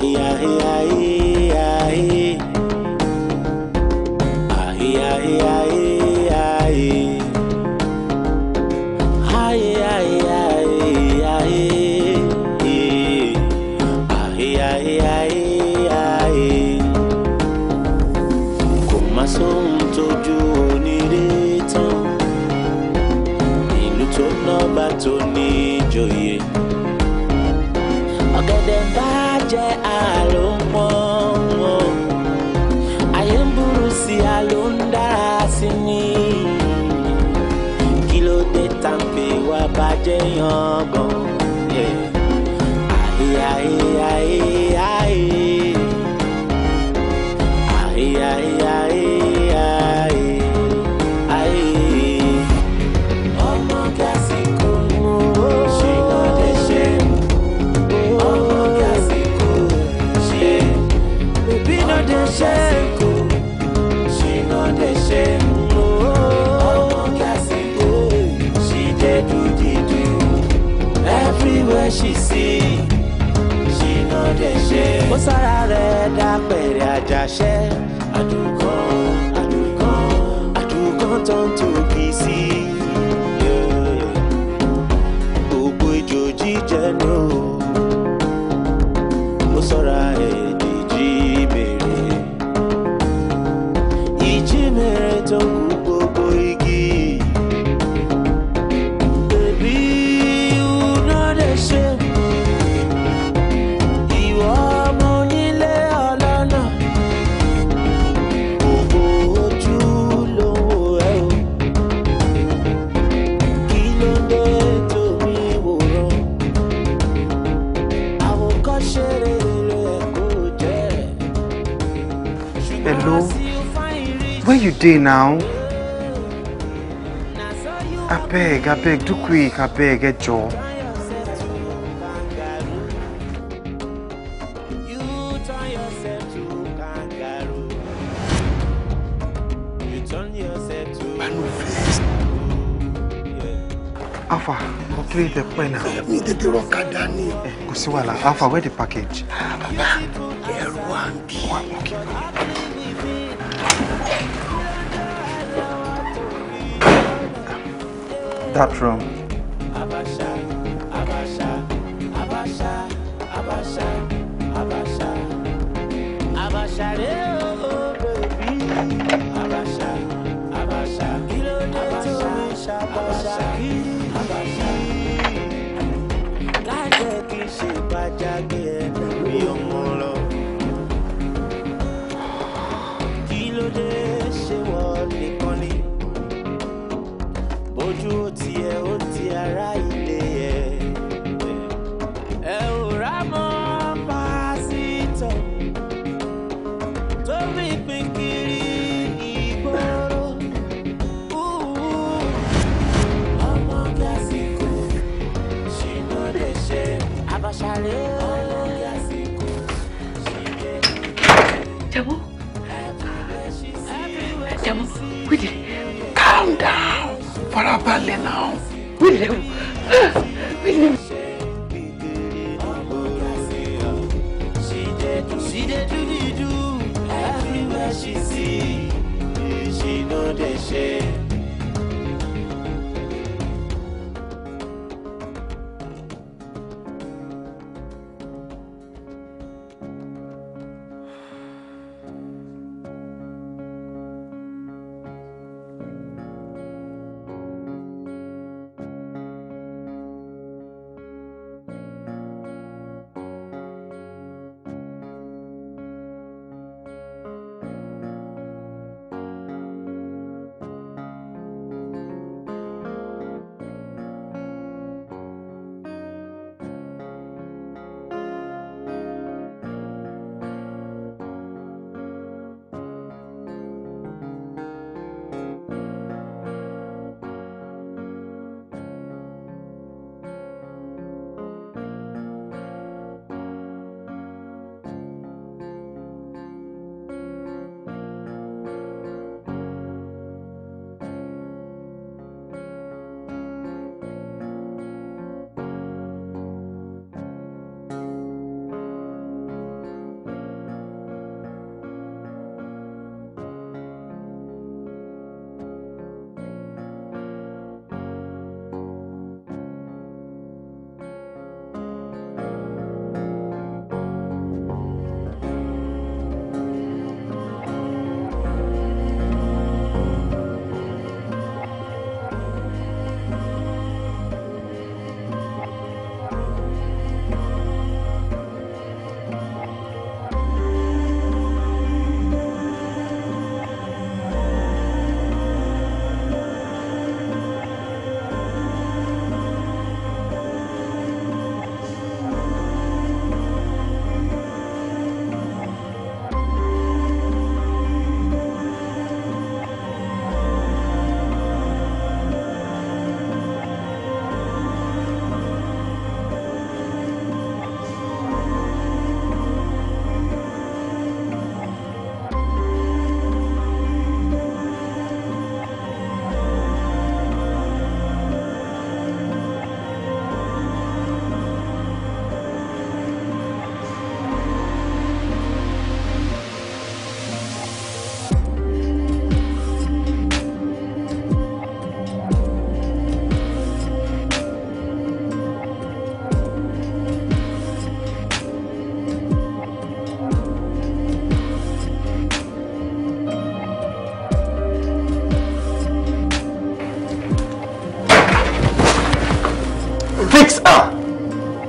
ay, ay, ay. sára rẹ̀ dá pẹ̀rẹ̀ àjàṣẹ́. day now. I beg, I beg, do quick, I beg, get job. Alpha, complete the plan now. Mi tètè rọ̀kadà ni. Kò sí wàhálà, Alpha, where the package? Ah, that room Wíìdì calm down for our Wíìdì now. She dey do the she see, she no dey share.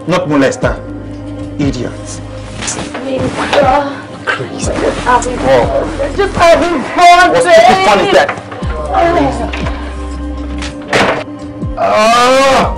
Not molester. Idiot. Crazy. Having fun. Just having fun. What's the fun is that? Oh. Ah!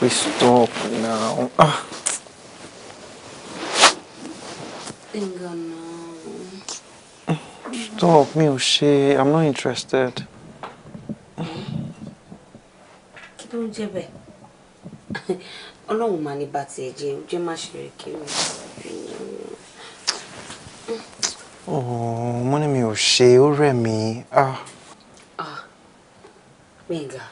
We stop now. Ah. Inga now. Stop, mi oh, ò I'm not interested. Oh, money, ń jẹ bẹ́ẹ̀? Oh, ah. Ah, Gbẹ̀ngà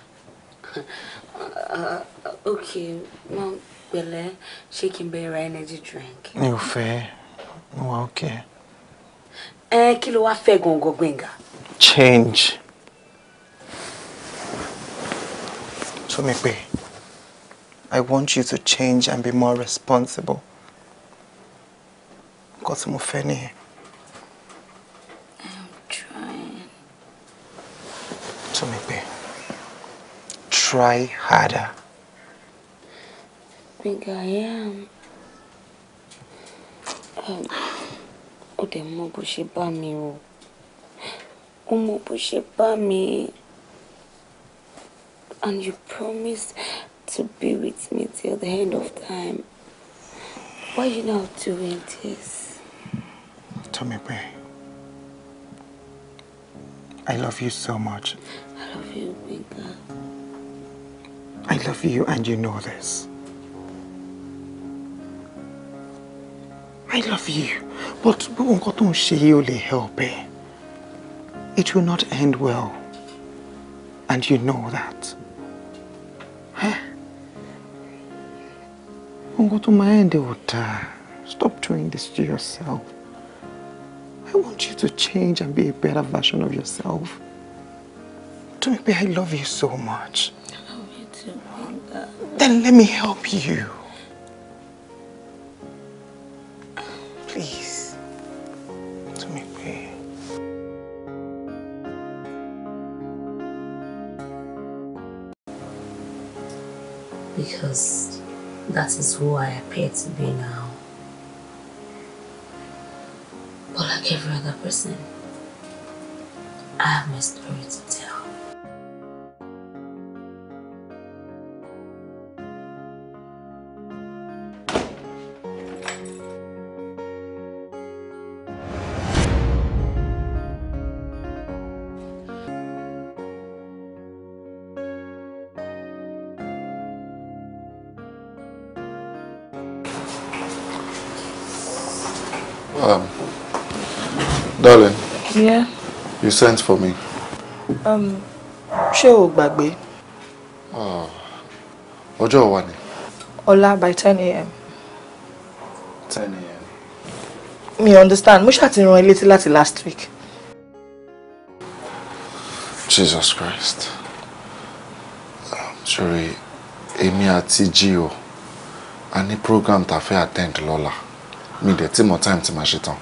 okay mom pẹ̀lẹ́ ṣé kí n bẹ ra energy drink. mi ò fẹ́ wà ókè. ẹ kí ló wá fẹ́ gangan gbẹ̀ngà. I want you to change and be more responsible. Got some mo fẹ́ I'm trying. So Tumipe, try harder. think I am. Oh, dẹ̀ mọ bó ṣe bá mi o. Ó mọ bó ṣe bá And you promised to be with me till the end of time. Why are you now doing this? Tomipe, I love you so much. I love you, Binka. I love you and you know this. I love you. But gbogbo help ẹ. It will not end well. And you know that. Nǹkan tó end Stop doing this to yourself. I want you to change and be a better version of yourself. Tumipe, I love you so much. I love you too. Then let me help you. please. To me, pay. Because that is who I appear to be now. But like every other person, I have my story to tell. you sent for me. Um, ṣé o gbàgbé? Ah, ọjọ́ wa ni. ọ̀la by 10 a.m. 10 a.m. mi understand mo ṣáà ti rán ẹ létí láti last week. Jesus Christ um, sorry èmi àti Jíò a ní program tá a fẹ́ attend lọ́la mi dẹ̀ tí mo time ti máa ṣe tán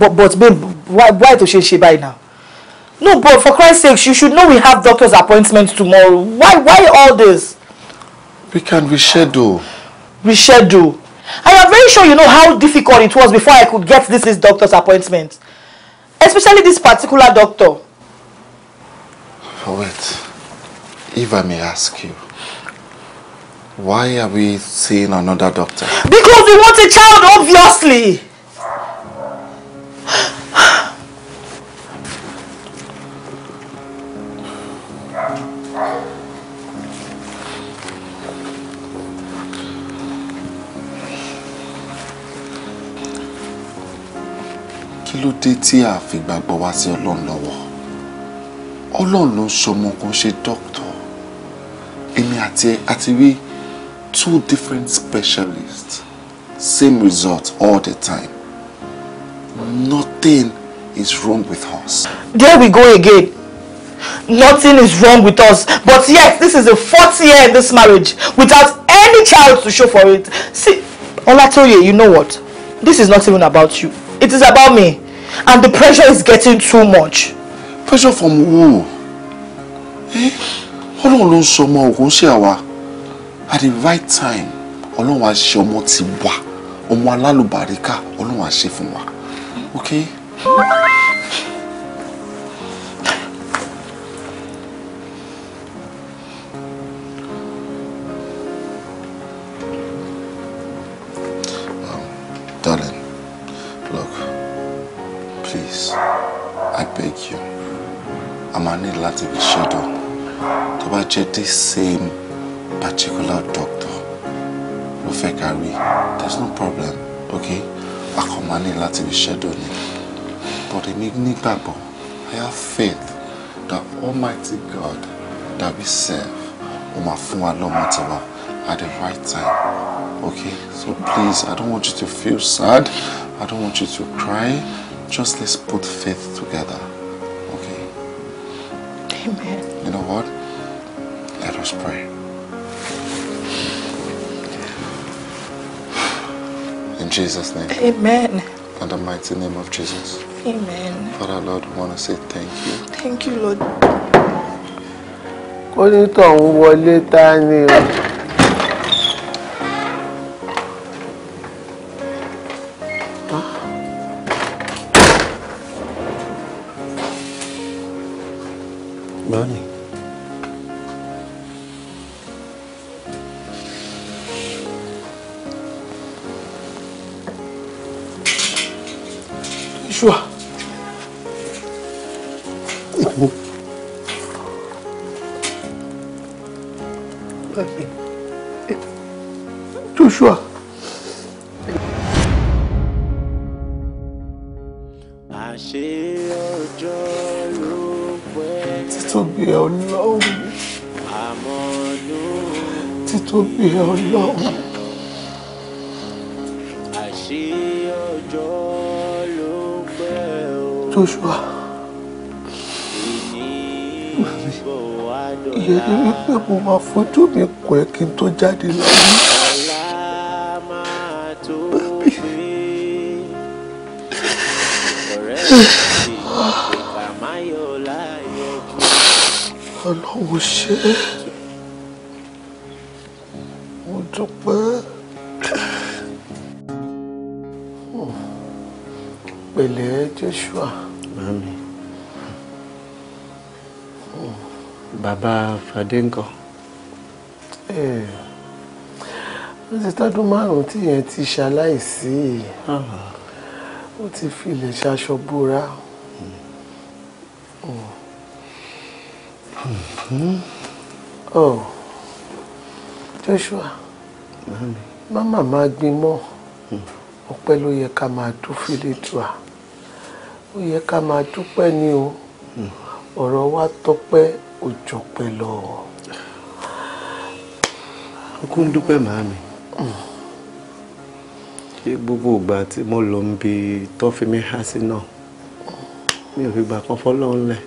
but, but babe why why to ṣe ṣe báyìí now no but for Christ's sake you should know we have doctor's appointment tomorrow why why all this. we can reschedule. reschedule I am very sure you know how difficult it was before I could get this, this doctor's appointment especially this particular doctor. Poet, if I may ask you, why are we seeing another doctor? Because we want a child, obviously kí ló dé tí a fi gbàgbọ́ wá sí ọlọ́run lọ́wọ́ ọlọ́run ló ń sọmọ kan ṣe dókítà èmi àti ẹ àti wí two different specialists same result all the time Nothing is wrong with us. There we go again. Nothing is wrong with us. But yes, this is the fourth year in this marriage without any child to show for it. See, Olatoye, you know what? This is not even about you. It is about me. And the pressure is getting too much. Pressure from who? Eh? Ọlọ́run ló ń sọ ọmọ òkú ń At the right time, Ọlọ́run á ṣe ọmọ tiwa. Ọmọ alálùbáríkà, Ọlọ́run Um, darling, look, please, I beg you. I'm To be okay? the same particular doctor. There's no problem, okay? akọ̀mání láti fi ṣẹ́dọ̀ ni but èmi nígbàgbọ́ I have faith that Almighty God that we serve ó máa fún wa lọ́mọ tiwa at the right time okay so please I don't want you to feel sad I don't want you to cry just let's put faith together okay. Amen. You know what? Let us pray. In Jesus' name. Amen. In the mighty name of Jesus. Amen. Father, Lord, we want to say thank you. Thank you, Lord. Onítọ̀hún wọlé ta ni o. jáde láyé. ọlọ́run ṣe é mo dúpẹ́ pẹ̀lẹ́ Joshua. Mami. Bàbá Fadé ńkọ́. Eh ó ti tọ́dún márùn-ún tí yẹn ti ṣaláìsí ó ti filẹ̀ ṣaṣọ búra. Hmm. Hmm. Hmm. Oh. Joshua mama máa gbin mọ́ ọpẹ́ ló yẹ ká máa dún fílẹ̀dùà ó yẹ ká máa dúpẹ́ ni o ọ̀rọ̀ wa tọpẹ́ òjọpẹ́ lọ. ọkùnrin dúpẹ́ màámi ṣé gbogbo ìgbà tí mo lọ ń bi tó fi mí há sí náà mi ò fi gbà kan fọlọ́run lẹ̀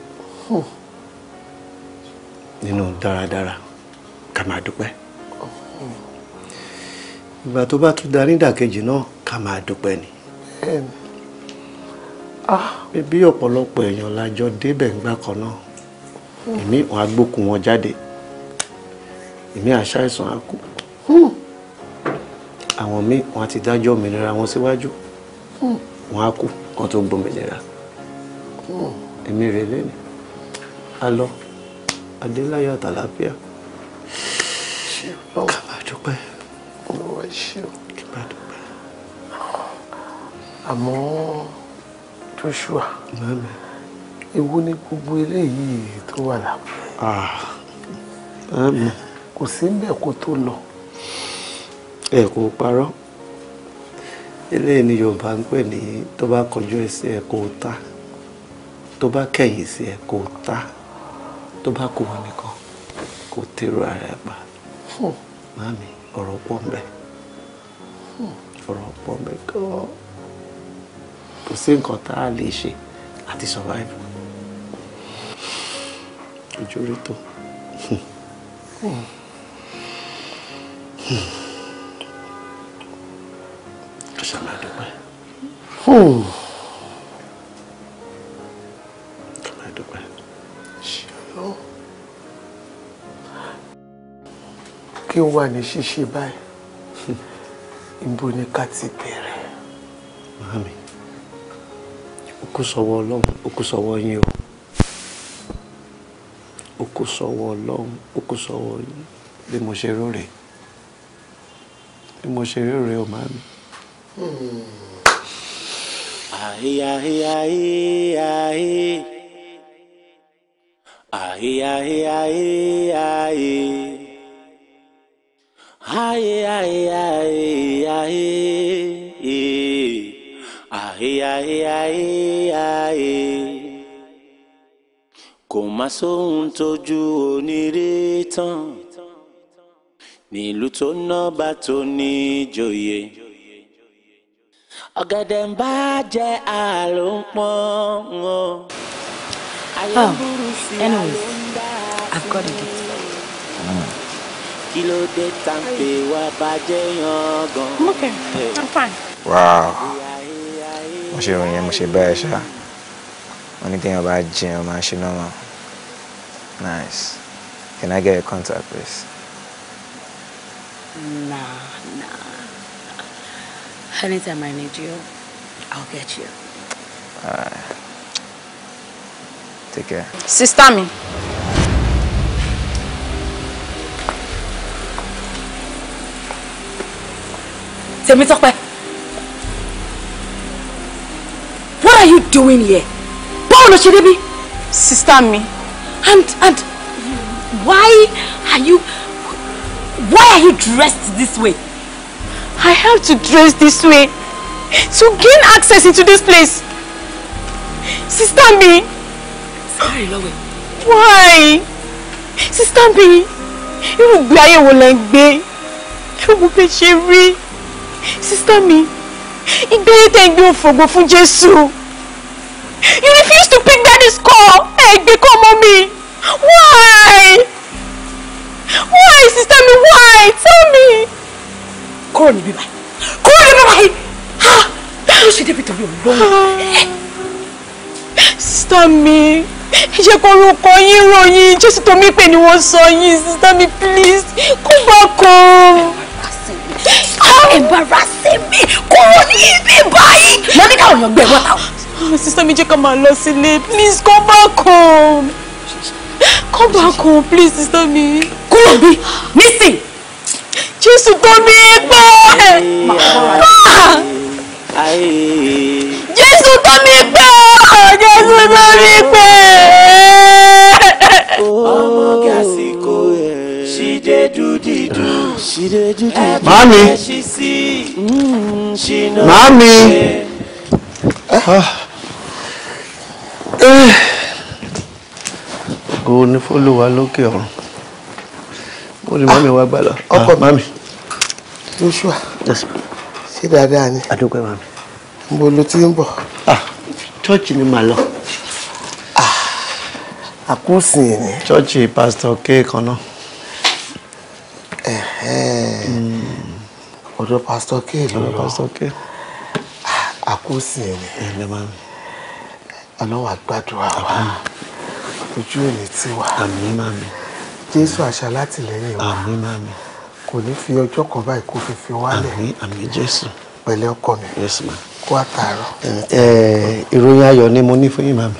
nínú dáradára ká máa dúpẹ́ ìgbà tó bá tún da nídàkejì náà ká máa dúpẹ́ ni ah, bí ọ̀pọ̀lọpọ̀ èèyàn lájọ débẹ̀ ńgbà kan náà èmi àgbókùn wọn jáde èmi àṣàìsàn àkú. Hmm àwọn míì wọn ti dájọ́ òmìnira wọn síwájú hmm. wọn á kú kan tó gbòmìnira hmm. èmi rè lẹ́nu a lọ adéláyọ̀ àtàlápíà kàbá dúpẹ́ kàbá dúpẹ́. àmọ́ Joshua ewu ni gbogbo eléyìí tó wà lápò ah. kò sí ń bẹ̀ kó tó lọ. ẹ kò parọ́ eléyìí ni Yorùbá ń pè ní tó bá kọjú ẹ ẹ kò ta tó bá kẹ̀yìn sí ẹ kò nìkan kò tẹ̀rù ara ẹ pa hmm. ọ̀rọ̀ pọ̀ ń ọ̀rọ̀ pọ̀ ń lè ṣe àti survive ojú tó ṣàmà dúpẹ́. ṣàmà hmm. dúpẹ́. kí n wà ní ṣíṣe báyìí ibo ni ká ti bẹ̀rẹ̀. màámi okú sọ́wọ́ ọlọ́run okú sọ́wọ́ yín o okú sọ́wọ́ ọlọ́run okú sọ́wọ́ yín bí mo ṣe rò rèé bí mo ṣe rò rèé o màámi. Ahi ahi ahi ahi ahi ahi ahi ahi ahi ahi ahi ahi ahi ahi ahi ahi kò má sóhun tójú onírè tán nílùú tó ná bá tó ní jòyè ọ̀gẹ̀dẹ̀ ń bá jẹ́ àlò ń pọ́n o. Oh, anyways, I've got it. Kí ló dé tàǹpé wá bàjẹ́ yan gan? I'm okay, I'm fine. Wow, mo ṣe ròyìn mo ṣe bẹ́ẹ̀ ṣá, wọ́n ní téèyàn bá jẹun máa ṣe normal. Nice. Can I get your contact, please? Nah, nah. Anytime I need you, I'll get you. Uh, take care. Sister Me. Temitope. What are you doing here? Báwo lo Sister Me, And and why are you why are you dressed this way? I have to dress this way to gain access into this place. Sister B. Sorry, Lowe. Why? Sister B? You will ayé wo lẹ ń gbé? Irú wo bẹ ṣe Sister B. ìgbé better tẹ̀ you for òfògbò fún Jésù. You refuse to pick daddy's call. Ẹ become kọ́ ọmọ Why? Why, sister B? Why? Tell me kúrò níbí báyìí kúrò níbí báyìí ha ló ṣe débi torí Ọlọ́run. Eh, eh. sísítà mi ṣe kó orúkọ yín ròyìn Jésù tó mí pè ní wọ́n sọ yín sísítà mi please kó bá kan. embarrassing mi kúrò níbí báyìí. mo ní káwọn èèyàn gbẹ wọn ta o. sísítà mi jẹ́ ká máa lọ sílé please kó bá kan. Come back home, please, sister mi. Kúrò bí, nísìnyí jésù tóbi pọ̀ jésù tóbi pọ̀ jésù tóbi pọ̀. ọmọ kásìkò ṣìdé dúdìdú màámi màámi ah. eh. ògo ni f'Olúwa lókè ọ̀run mo ní màmí wa gbà lọ ọkọ ah, màmí. Joshua ṣé dáadáa ni adúgbò wa mi. mo lo ti ń bọ̀. Ah, chọ́ọ̀chì ni màá lọ. Ah, àkúsìn ni. chọ́ọ̀chì pásítọ̀ K kan náà. Hmm. ọ̀dọ̀ pásítọ̀ K ló lọ ah, àkúsìn ni. ọlọ́wà gbàdúrà wa ojú òní ti wà. àmín màmí. Jésù àṣà látìlẹ́yìn wa. àmín màmí kò ní fi ọjọ́ kan báyìí kó fi fi wálẹ̀. àmín àmín jésù. pẹ̀lẹ́ ọkọ mi. yes ma. kó àtàárọ̀. ìròyìn ayọ̀ ni mo ní fún yín màmí.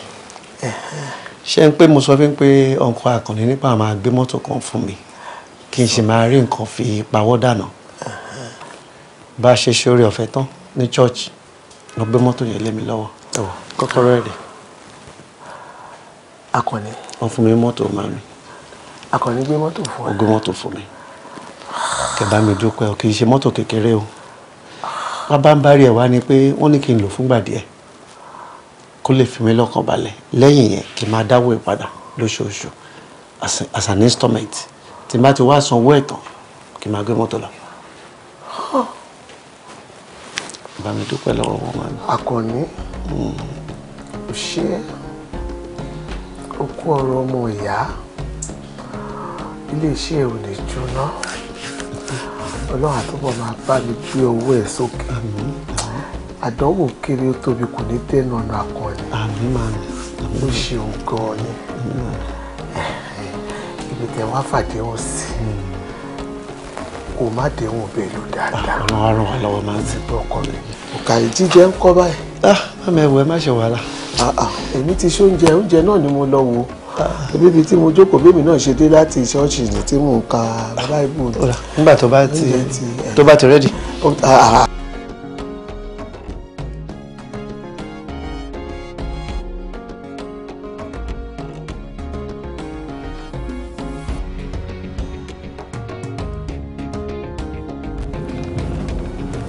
ṣé ń pé mo sọ fún pé ọkọ àkànní nípa máa gbé mọ́tò kan fún mi kí n sì máa rí nǹkan fi pawọ́ dànà. bá a ṣe ṣoore ọ̀fẹ́ tán ní chọ́ọ̀chì lọ gbé mọ́tò yẹn lé mi lọ́wọ́ oh. kọ́kọ́rọ́ ẹ̀ dẹ̀. àkànní. wọ́n fún mi mọ́tò màmí. àkànní gbé mọ́tò fún ẹ. ó gbé mọ́tò fún mi kẹ̀bá mi dúpẹ́ o kì í ṣe mọ́tò kékeré o wọ́n bá ń bá rí ẹ̀ wá ni pé wọ́n ní kí n lò fúngbà díẹ̀ kó lè fi mí lọ́kàn balẹ̀ lẹ́yìn yẹn kí n máa dáwọ́ ẹ̀ lóṣooṣù as an instrument tí n bá ti wá sanwó ẹ̀ tán kí n máa gbé mọ́tò lọ. bá mi dúpẹ́ lọ́wọ́ wọn máa ń. Àkànní ò hmm. ṣe okú ọ̀rọ̀ ọmọ ìyá iléeṣẹ́ ò lè jóná ọlọ́run àtúbọ̀ máa bá mi gbé ọwọ́ ẹ̀ sókè àdánwò kéré ó tóbi kò ní dènà ọ̀nà àkọọ́lẹ̀ àmì máa mi ó ṣe ògo ni ibi tẹ wá fàdéhùn sí kò má déhùn bẹ́ẹ̀ ló dáadáa ọ̀nà àrùn wà lọ́wọ́ máa ń ti bọ́ ọkọ mi òkà ìjíjẹ ń kọ́ báyìí. Ah, má mẹ́wọ̀ ẹ má ṣe wàhálà. Ah, ah, èmi ti ṣe oúnjẹ oúnjẹ náà ni mo lọ wo ebi bíi tí mo jókòó bí èmi náà ṣe dé láti ṣọ́ọ̀ṣì ní tí mò ń ka báíbù. nígbà tó bá ti tó bá ti rẹ́dì.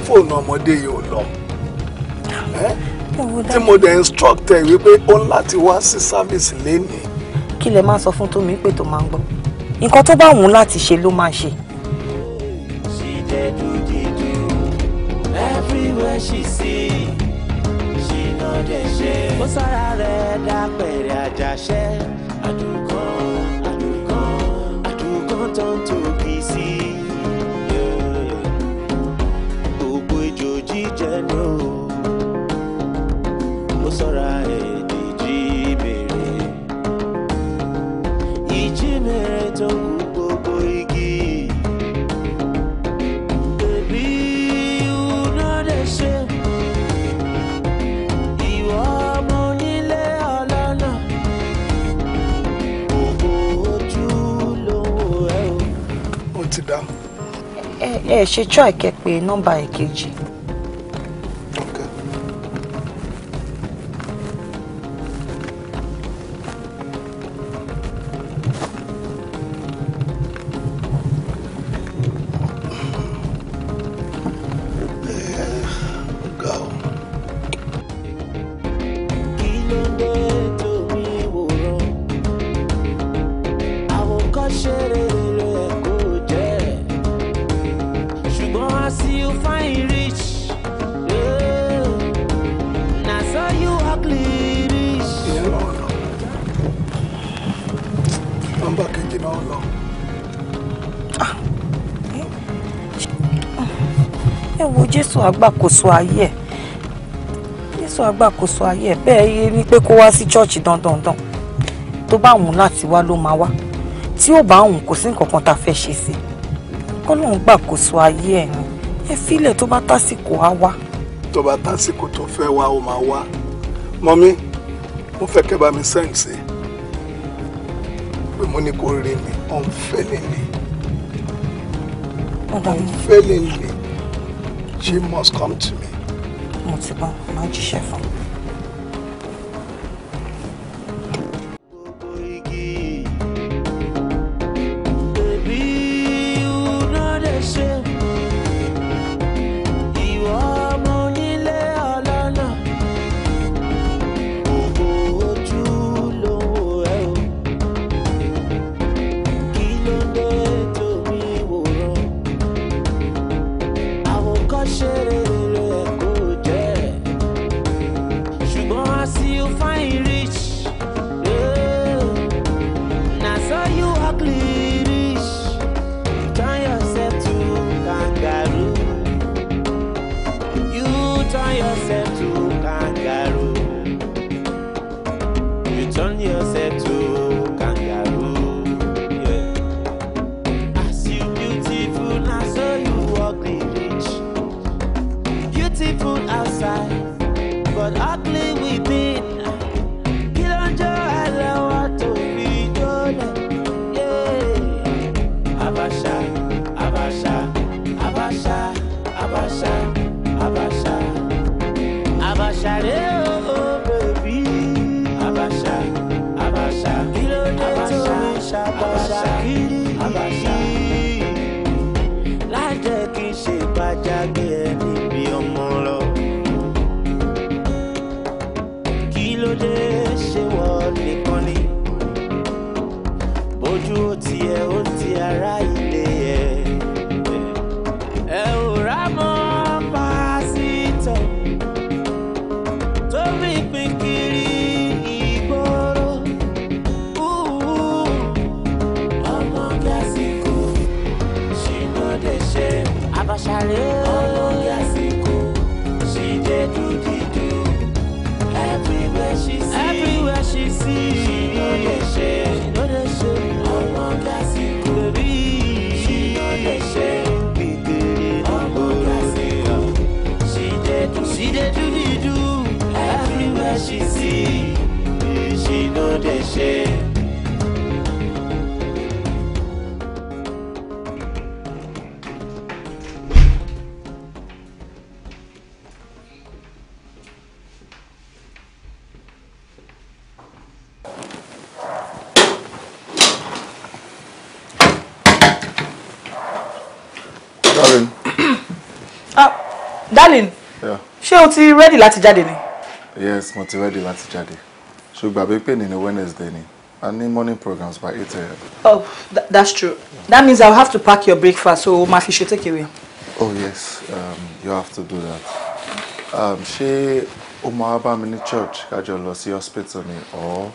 fóònù ọmọdé yìí ò lọ tí mo dẹ̀ instructor wípé ó ń láti wá sí sáfíìsì lénìí kí lẹ máa sọ fún tómi pé tó máa ń gbọ́ nǹkan tó bá wùn láti ṣe ló máa ṣe. everywhere she see she no dey ó sára rẹ̀ dá pẹ̀rẹ̀ àjàṣẹ́ àdúgbò. ẹ ṣe try kẹ́ pé nọ́mbà ẹ̀kejì. Jésù agbàkóso ayé ẹ̀ Jésù agbàkóso ayé ẹ̀ bẹ́ẹ̀ yé ni pé kó wá sí chọ́ọ̀chì dandandan tó bá wùn láti wá ló máa wá tí ò bá wùn kò sí nǹkan tá a fẹ́ ṣe sí kọ́lọ́hún gbàkóso ayé ẹ̀ ni ẹ fílẹ̀ tó bá tásìkò á wá. tó bá tásìkò tó fẹ́ wá ó máa wá mọ́mí mo fẹ́ kẹ́ bá mi sẹ́ǹsì pé mo ní kó rí mi ọ̀nfẹ́lẹ́lẹ́ ọ̀nfẹ́lẹ́lẹ́ she must come to me. mo ti bọ́ máa jíṣẹ́ fún but i be ti ready láti jáde ni. yes mo ti ready láti jáde ṣùgbọ́n àbí pé ní ni wednesday ni i need morning programs by eight a.m. oh th that's true that means I'll have to pack your breakfast so o ma fi ṣe take away. oh yes um, you have to do that um, ṣé o máa bá mi ní church kájọ lọ sí hospital ni or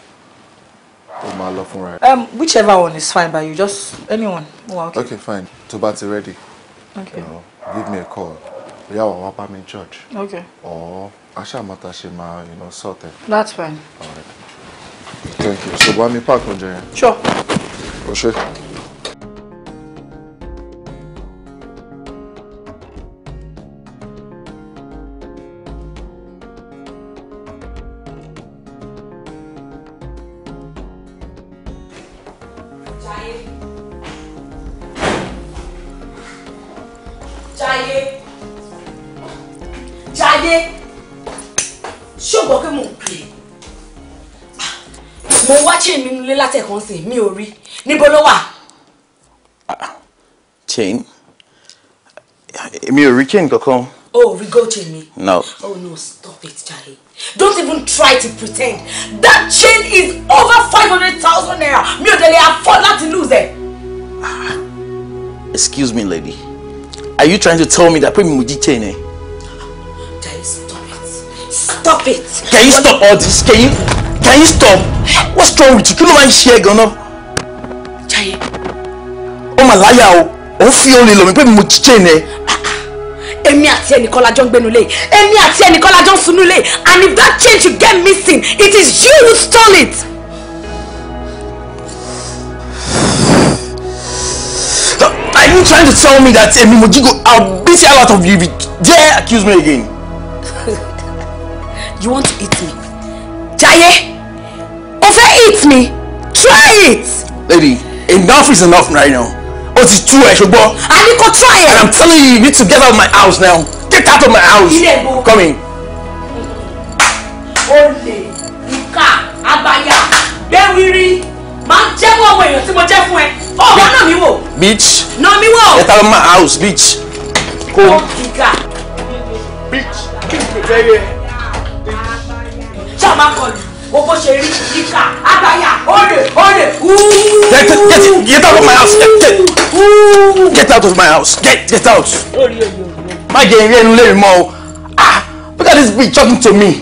o máa lọ fúnra ẹ. um whichever one is fine by you just anyone. Oh, okay. okay fine tó bá ti ready. okay you know, give me a call. Yeah, we'll wá bá in church. okay. or aṣáàmọ́ta ṣe máa you know sort that's fine. all right thank you so bá mi park oúnjẹ yẹn. sure. o ṣe. sìn mi ò rí níbo ló wà. chain èmi ò rí chain kankan. o rí gold chain mi. no. oh no stop it jare don't even try to pretend that chain is over five hundred thousand naira mi ò dẹ̀ lè afford láti lose it. excuse me lady are you trying to tell me that pé me mo jí chain ẹ. jare stop it stop it. can you stop all this can you can you stop what's wrong with you kí ló máa ń ṣe ẹ ganan. Jaiye. ó mà láyà o òun fi olè lọ mi pé mo jíjẹ ni ẹ. èmi àti ẹnìkan la jọ ń gbénu lé èmi àti ẹnìkan la ń sunú lé and if that change you get missing it is you who stole it. Are you trying to tell me that Emi Mojigo, I'll beat you hell out of you if you dare accuse me again? You want to eat me? Jaiye! beat me try it. lady enough is enough right now o ti tú ẹ ṣùgbọ́n. a ní kò try it. and i'm telling you you need to get out of my house now get out of my house come in. olè ìka àbàyà gbẹwìrì máa ń jẹ́wọ́ àwọn èèyàn tí mo jẹ́ fún ẹ ọ̀gá náà mi wò. bitch náà mi wò. get out of my house bitch. kó o ìka. bitch kí n kò fẹ́ yẹ. ṣé o máa kọlu bó ṣe rí kíkà àgbáyà òde òde. get get get out of my house get get get out of my house get get out. má jẹ ìrírí ẹnu lẹ́rìí mọ́ o ah look at this bitch talking to me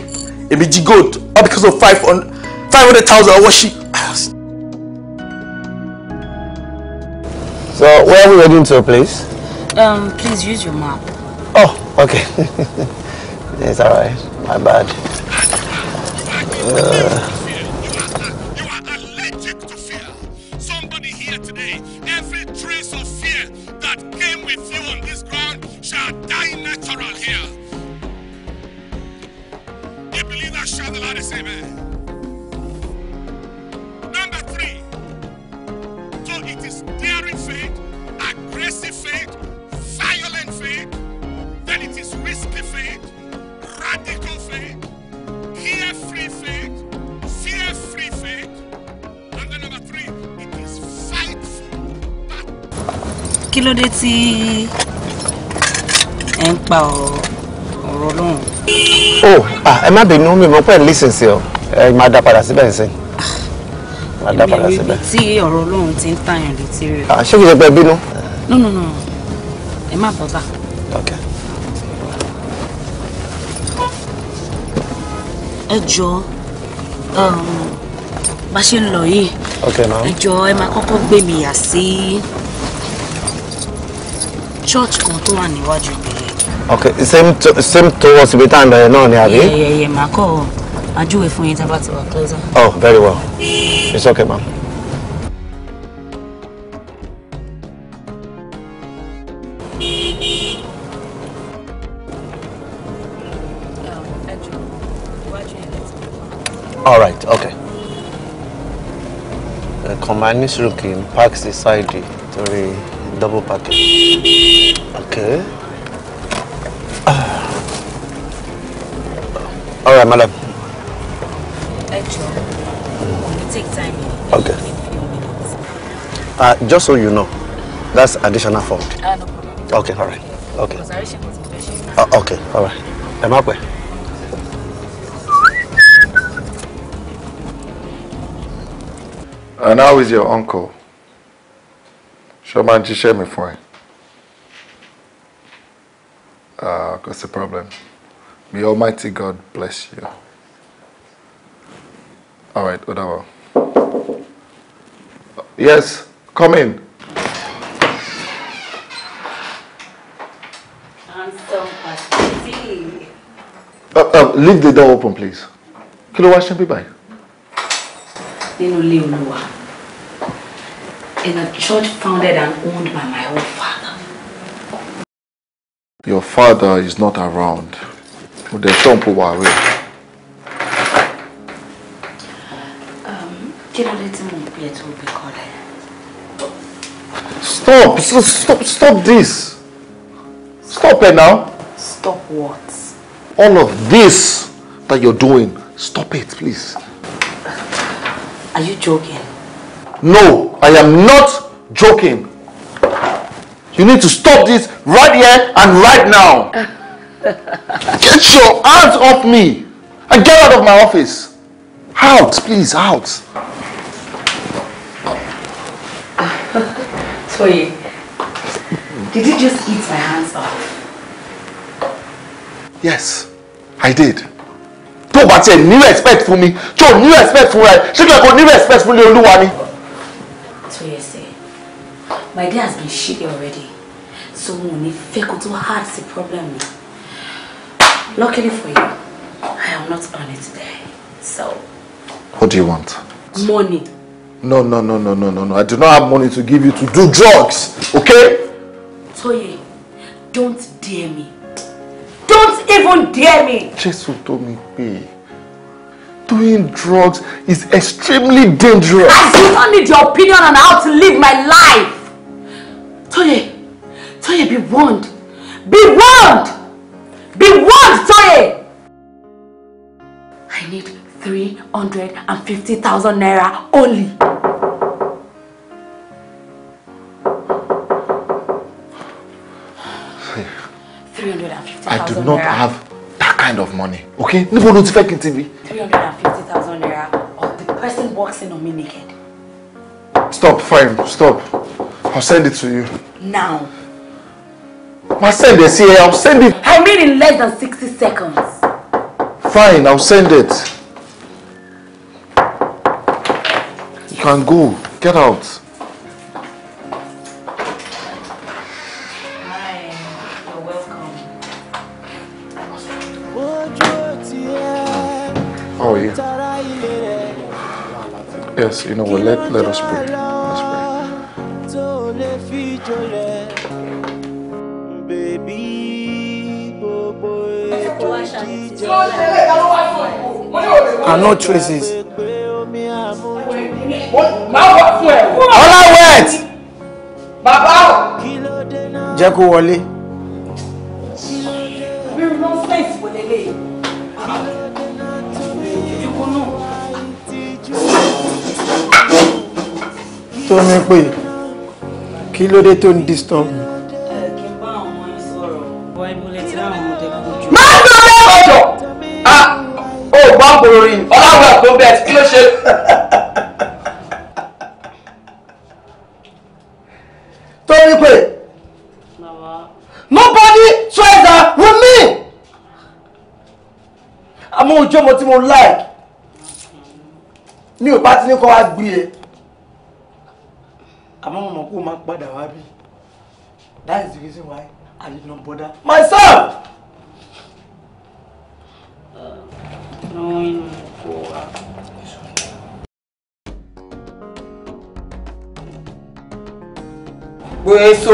èmi jí gold all because of five hundred five hundred thousand owó ṣí. So where are we heading to, please? Um, please use your map. Oh, okay. it's alright. My bad. э, kí ló dé tí ẹ ń pa ọ̀rọ̀ lọ́hùn. o ẹ má bínú mi mọ pé ẹ lísìn sí ọ ẹ máa dá padà síbẹ̀ sí máa dá padà síbẹ̀. tí ọ̀rọ̀ lọ́hùn ti ń tàyàn létí rẹ̀. ṣé kìí ṣe pé bínú. no no no ẹ má bọ́ okay. ẹ jọ um, bá ṣe ń lọ yìí ẹ jọ ẹ máa kọ́kọ́ gbé mi yà sí. Si church kan tó wà níwájú ìbílẹ̀. ok same to same towards ibi tá à ń bẹ̀rẹ̀ náà ni àbí. yẹ yẹ màá kọ́ àjúwe fún yín tá a bá ti wà closer. oh very well it's okay ma'am. All right, okay. The command is looking, parks the side, sorry. Double packet. Okay. Ah. All right, madam. Actually, mm. take time. Okay. Uh, just so you know, that's additional fault. Ah, ah, uh, no Okay, all right. Okay. Uh, okay, all right. Am I where? And how is your uncle? ṣé o máa me for mi fún ẹ the ah, problem may almighty god bless you all right ó yes come in. I'm so Uh, uh, leave the door open please kí ló wá ṣe bí báyìí. nínú ilé olúwa in a church founded and owned by my own father. Your father is not around. Um, stop! Stop! Stop this! Stop it now! Stop what? All of this that you're doing. Stop it, please. Are you joking? No, I am not joking. You need to stop this right here and right now. Get your hands off me and get out of my office. Out, please, out. Toye, did you just eat my hands off? Yes, I did. tó o bá tiẹ̀ ní respect fún mi tó o ní respect fún ra ẹ̀ ṣé kí ẹ kò ní respect fún ilé olúwa ni. My day has been shitty already. So mo ní fẹ́ kó hard sí problem Luckily for you, I am not on it today. So. What do you want? Money. No, no, no, no, no, no, no. I do not have money to give you to do drugs, okay? Toye, don't dare me. Don't even dare me. Jesus told me, pay. Doing drugs is extremely dangerous. I do not need your opinion on how to live my life. Toye, Toye, be warned. Be warned! Be warned, Toye! I need 350,000 naira only. I do not naira. have that kind of money, okay? Níbo ló ti fẹ́ kí n ti rí? 350,000 naira of the person boxing on me naked. Stop, fine, stop. I'll send it to you. Now. I'll send it See, I'll send it. I mean in less than 60 seconds. Fine, I'll send it. You can go. Get out. Hi, oh, How Yes, you know what? Let, let us pray. and no traces. All wet. bàbá Baba. Jacob kó wọlé. bíi nọ́ọ̀sẹ̀sì wọlé lè. tó disturb mi. àgbo bẹ́ẹ̀ kí ló ṣe. torí pé nobody that with me. àmọ́ ojú ọmọ tí mo like mi ò bá ti ní kọ́ wá gbé e àmọ́ mo mọ̀ kó o máa padà wá bí that is the reason why I did not bother myself. Uh, no, no for so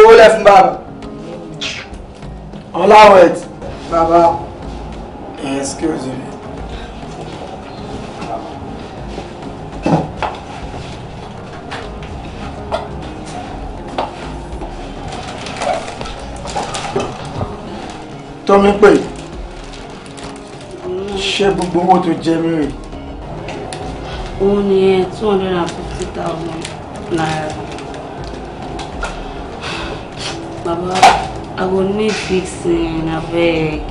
gbogbo Baba. Allow it, Baba. excuse me. Tommy pé ṣé gbogbo owó tó jẹ òun ni two hundred and fifty thousand naira baba i go need fixing abeg.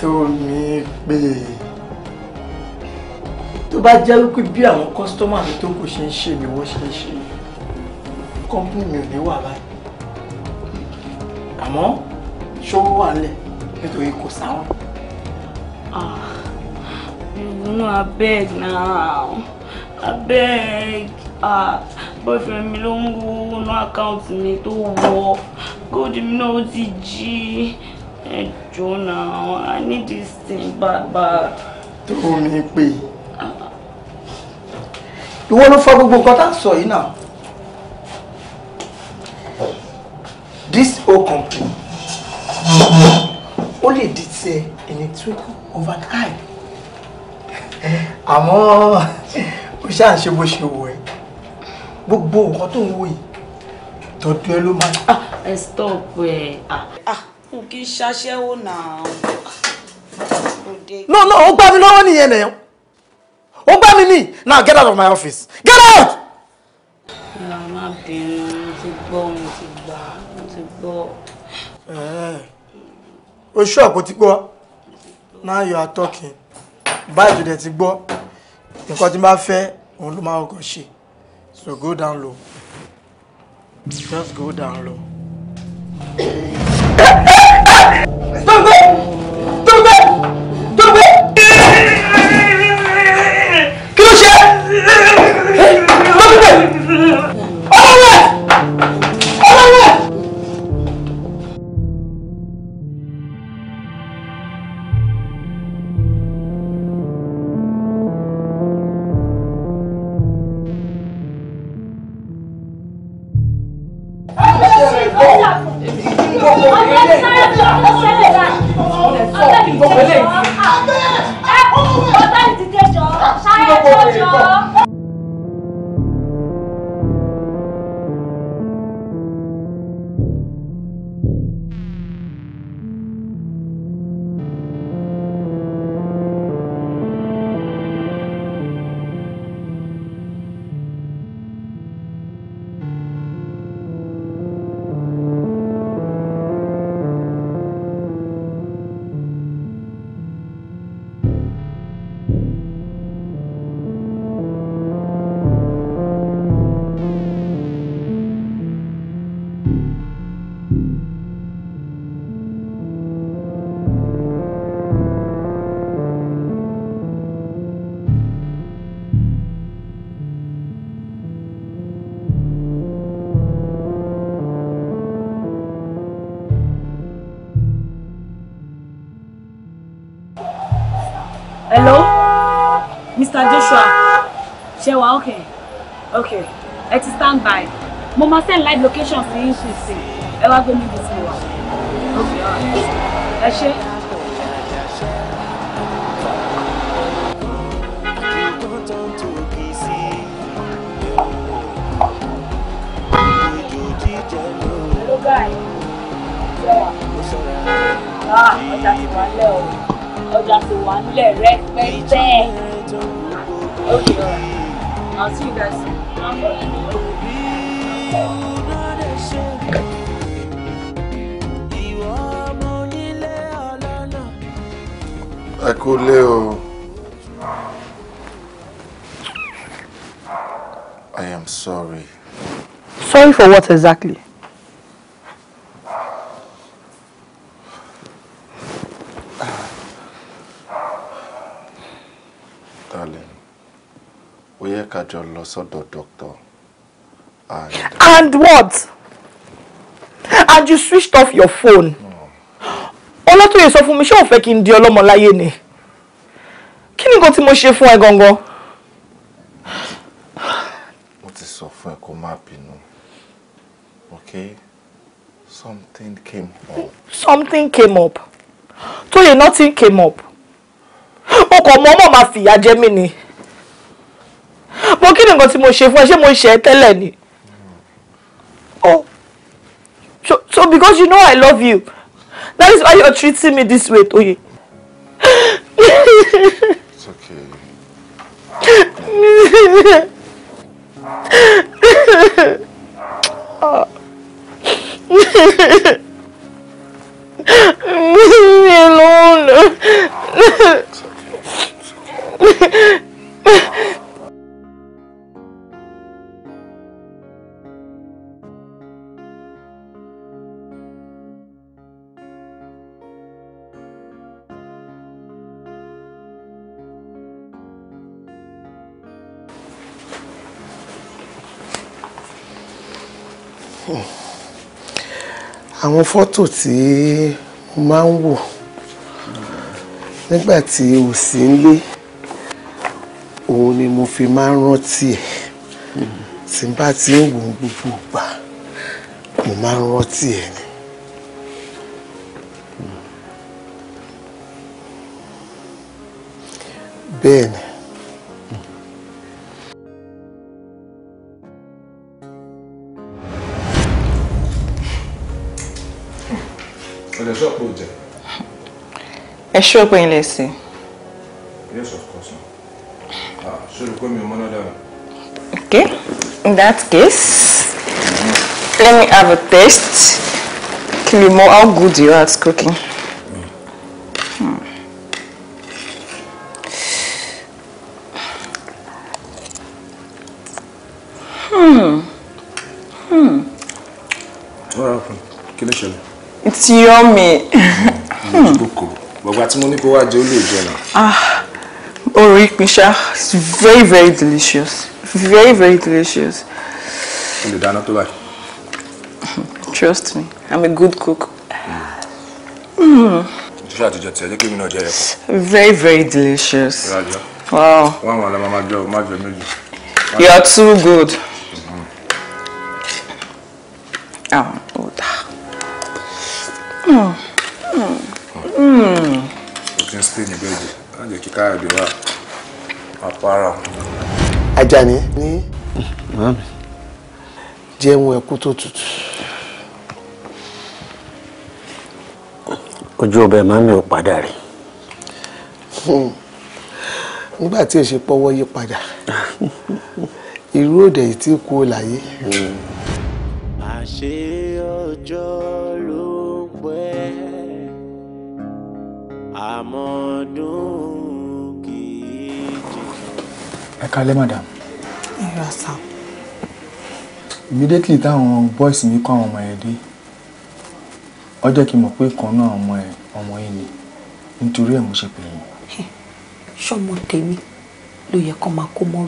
tómi pé tó bá jẹ́ wípé bí àwọn kọ́sítọ́mà mi tó kù ṣe ń ṣe ni wọ́n ṣe ń ṣe kọ́mpínì mi ò ní nítorí kò sáwọn. ìrònú abeg ah, now abeg ah, boyfriend mi ló ń wo inú àkáǹtì mi tó wọ gold mi náà ó ti jí ẹjọ́ now i need this thing bad bad. tó ní pé ìwọ ló fa gbogbo nǹkan tá à ń sọ yìí náà this whole company lè di tiẹ̀ electrical overtime àmọ́ o ṣáà ṣe bó ṣe wù ẹ́ gbogbo nǹkan tó ń wò yìí tọ́jú ẹ ló máa. Ah, ẹ stop ẹ. n ah. Ah, kì í ṣaṣẹ́wó náà. no no ó gbá mi lọ́wọ́ nìyẹn nìyẹn ó gbá mi ní now get out of my office get out. màmá bìnrin mo ti gbọ́ mo ti gbà mo ti gbọ́. Eh o ṣọ́ọ̀pù ti gbọ́ now you are talking báyìí tó dẹ̀ ti gbọ́ nǹkan tí n bá fẹ́ òun ló máa kọ́ ṣe so go down low just go down low. okay ẹ ti stand by mo máa send live location sí ìṣèṣì ẹ wá gbé mi bí ti wà ẹ ṣe. Hello guys. Ah, ọjà ti wà nílẹ̀ o. Ọjà ti wà nílẹ̀ rẹpẹtẹ. Okay, I'll see you guys soon ẹ kú o I am sorry. Sorry for what exactly? ká lọ sọ́dọ̀ doctor. And, what? And you switched off your phone. Hmm. Ọlátòyè sọ fún mi ṣé ò fẹ́ kí n di ọlọ́mọ láyé ni? Kí ni nǹkan tí mo ṣe fún ẹ gangan? Mo ti sọ fún ẹ kó má bínú. Okay? Something came up. Something came up. Tóyè nothing came up. O kò mọ̀ ọmọ máa fìyà jẹ mí ni mo kí ni nǹkan tí mo ṣe fún ẹ ṣé mo ṣe ẹ tẹ́lẹ̀ ni oh so, so because you know I love you that is why you are treating me this way Toye. It's okay. Leave me alone. àwọn fọ́tò tí mo máa ń wò nígbà tí o sì ń lé òun ni mo fi máa ń rántí ẹ tí n bá ti ń wò gbogbo ìgbà mo máa ń rántí ẹ ni. bẹ́ẹ̀ ni. ilẹ̀ ṣọ́ọ̀pù ò jẹ́. ẹ ṣọ́ pé yes of course ma ah ṣé o kó mi ò mọ́nà dára. okay in that case let me have a taste Tell me more. how good you are at cooking. Hmm. Hmm. hmm. What happened? Kí ló ṣẹlẹ̀? It's yummy. Bàbá tí mo ní kó wá jẹ ó lè jẹ Ah, orí it's very very delicious. Very very delicious. O lè dáná tó Trust me, I'm a good cook. Ṣé àtijọ́ tí ẹ jẹ́ kí èmi náà jẹ́ Very very delicious. Rájọ́. Wow. Wọ́n àwọn ọ̀la máa You are too good. Àwọn ò dáa òfin spain ìbẹ́jì láti kí káyọ̀dé wà àpárá. Àjàní ní jẹun ẹkú tó tutù. ojú ọbẹ̀ máa ń mi ò padà rí. Hmm. nígbà tí èsì pọ́wọ́ yí padà irú òde yìí tí kú láyé. Hmm. àṣé ọjọ́. àmọ́dún madam. ẹ ra sá. immediately táwọn boys mi kọ́ àwọn ọmọ ẹ̀ dé ọ kan náà ọmọ ẹ̀ ọmọ ni nítorí ẹ̀ mo ṣe ṣọmọ tèmi ló yẹ kó máa kó mọ́